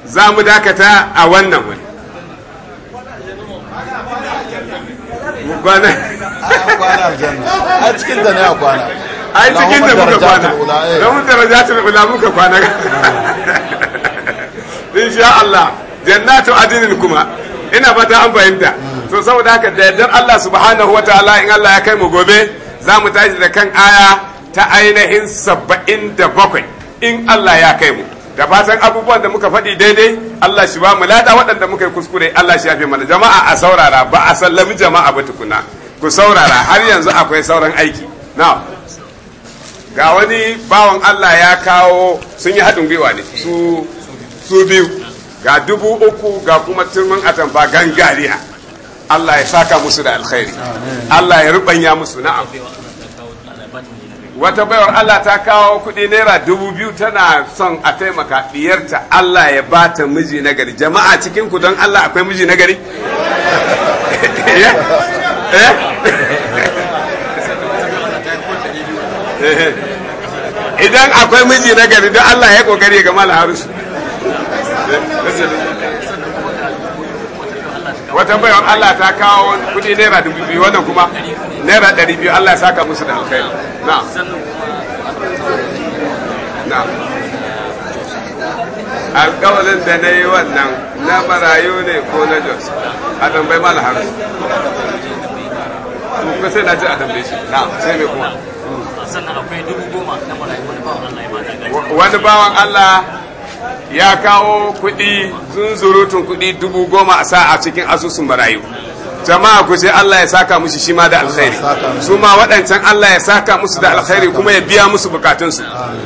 za mu dakata a wannan wani kwana *laughs* a cikin da na kwana a cikin da muka kwana don mun eh. darajatul ula muka kwana *laughs* *laughs* insha Allah jannatu adinin kuma ina fata an fahimta mm. to saboda haka da yardar Allah subhanahu wa ta'ala in Allah ya kai mu gobe za mu tashi da kan aya ta ainihin saba'in da bakwai in Allah ya kai mu da fatan abubuwan da muka faɗi daidai Allah shi ba mu lada waɗanda muka yi kuskure Allah shi ya fi mana jama'a a saurara ba a sallami jama'a ba tukuna ku saurara har yanzu akwai sauran aiki na ga wani bawan Allah ya kawo sun yi haɗin gwiwa ne su su biyu ga dubu uku ga kuma turmin atamfa gangariya Allah ya saka musu da alkhairi Allah ya rubanya musu na'am wata baiwar Allah ta kawo kuɗi naira dubu biyu tana son a taimaka ɗiyarta Allah ya ba ta miji nagari jama'a cikin ku don Allah akwai miji nagari *laughs* eh? eh? *laughs* idan akwai miji nagari don Allah ya kokari ga mala harisu eh? wata bayan Allah ta kawo kudi naira dubu biyu wannan kuma naira ɗari biyu Allah ya saka musu da alkhairi na na alkawalin da na yi wannan na marayu ne ko na jos a tambayi mala haru kuma sai na ji a tambaye shi na sai mai kuma sannan akwai dubu goma na marayu wani bawan Allah ya ba wani bawan Allah ya kawo kuɗi zunzurutun kuɗi dubu goma a sa a cikin asusun barayu jama'a ku ce Allah ya saka musu shi ma da alkhairi su ma waɗancan Allah ya saka musu da alkhairi kuma ya biya musu bukatunsu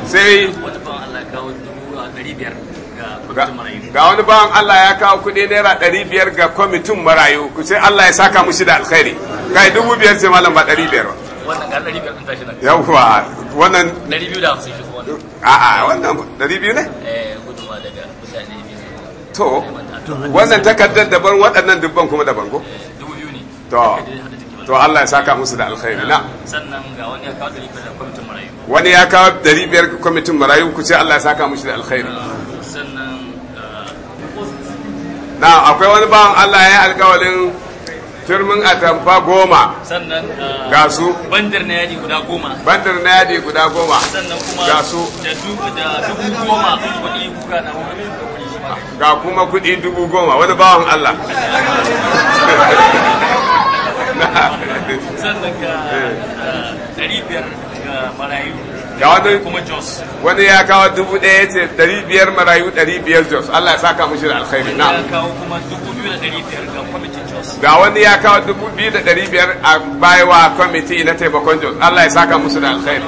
sai ga wani bawan Allah ya kawo kuɗi naira ɗari biyar ga kwamitin marayu ku ce Allah ya saka musu da alkhairi kai dubu biyar ce malam ba ɗari biyar ba wannan ɗari 200 ɗin tashi na yawwa wannan 250 a'a wannan 200 ne eh. to wannan takardar daban waɗannan dubban kuma daban ko to to Allah ya saka musu da alkhairi na sannan ga wani ya kawo 500 kwamitin marayu wani ya kawo biyar kwamitin marayu ku ce Allah ya saka musu da alkhairi sannan uh, na akwai wani bawan Allah ya yi alkawalin turmin atamfa goma sannan uh, ga su bandar na yadi guda goma bandar na yadi guda goma sannan kuma ga su da dubu goma kuɗi kuka na ga kuma kuɗi dubu goma wani bawan Allah eh, wani ya kawo dubu daya ya ce ɗari biyar marayu dari biyar jos Allah ya saka mushi da alkhairi na ga wani ya kawo dubu biyu da dari biyar a bayewa kwamiti na taimakon jos Allah ya saka mushi da alkhairi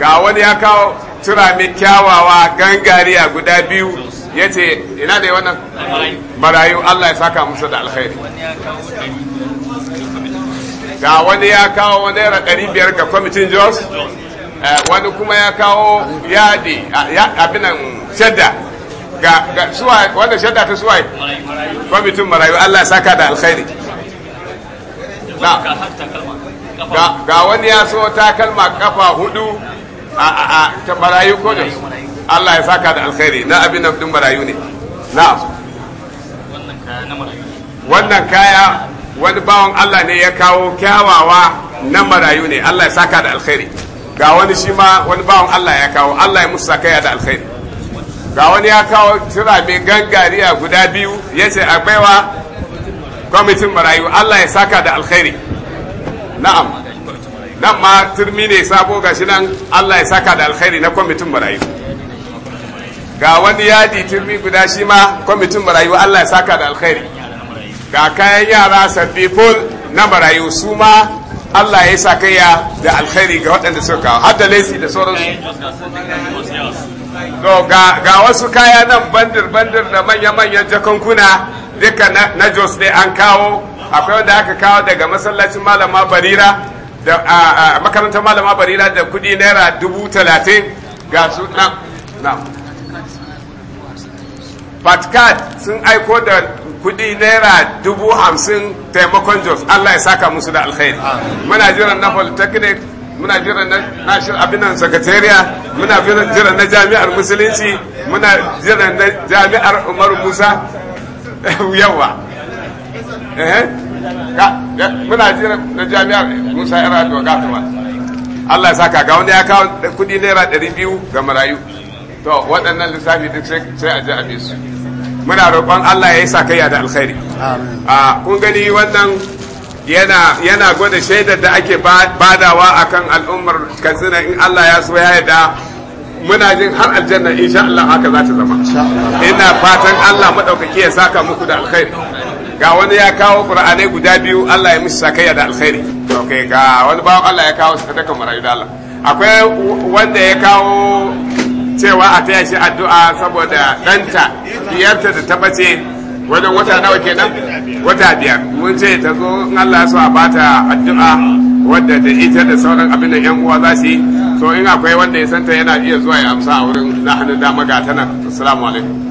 ga wani ya kawo tura mai kyawawa gangariya guda biyu ya ce ina da wannan marayu Allah ya saka musu da alkhairi ga wani ya kawo naira ɗari biyar ga kwamitin jos eh, wani kuma ya kawo yadi abinan shadda ga suwai wanda shadda ta suwai kwamitin marayu Allah ya saka da alkhairi ga wani ya so takalma kafa hudu a'a a ta barayu ko da Allah ya saka da alkhairi na abin nan din barayu ne na'am wannan kaya na marayu wannan kaya wani bawan Allah ne ya kawo kyawawa na marayu ne Allah ya saka da alkhairi ga wani shi ma wani bawan Allah ya kawo Allah ya musu ya da alkhairi ga wani ya kawo tura mai gangariya guda biyu ya ce a baiwa kwamitin marayu Allah ya saka da alkhairi na'am nan ma turmi ne sabo shi nan Allah ya saka da alkhairi na kwamitin marayu ga wani yadi turmi guda shi ma kwamitin marayu Allah ya saka da alkhairi ga kayan yara sabbi ful na marayu su ma Allah ya saka ya da alkhairi ga waɗanda suka kawo har laisi da sauransu to ga wasu kaya nan bandir bandir da manya-manyan jakankuna duka na jos ne an kawo akwai wanda aka kawo daga masallacin malama barira da makarantar malama barira da kudi naira dubu talatin ga su na na patkat sun aiko da kudi naira dubu hamsin taimakon jos allah ya saka musu da alkhairi muna jiran na polytechnic muna jiran na nashir abinan sakatariya muna jiran na jami'ar musulunci muna jiran na jami'ar umaru musa *laughs* yawa eh, eh. muna jira na jami'ar musa yar adwa gafirwa allah ya saka ga wani ya kawo kudi naira ɗari biyu ga marayu to waɗannan lissafi duk sai a ji a su muna roƙon allah ya yi sakayya da alkhairi a kun gani wannan yana gwada shaidar da ake badawa akan al'ummar katsina in allah ya so ya yarda muna jin har aljanna insha Allah haka za ta zama ina fatan Allah madaukaki ya saka muku da alkhairi ga wani ya kawo qur'anai guda biyu Allah ya mishi sakayya da alkhairi ok ga wani bawan Allah ya kawo sadakan marayu da Allah akwai wanda ya kawo cewa a taya shi addu'a saboda danta biyarta da ta bace wajen wata nawa kenan wata biyar mun ce ta zo in Allah so a bata addu'a wadda da ita da sauran abin da yan uwa za su yi so in akwai wanda ya santa yana iya zuwa ya amsa a wurin na hannun dama ga tana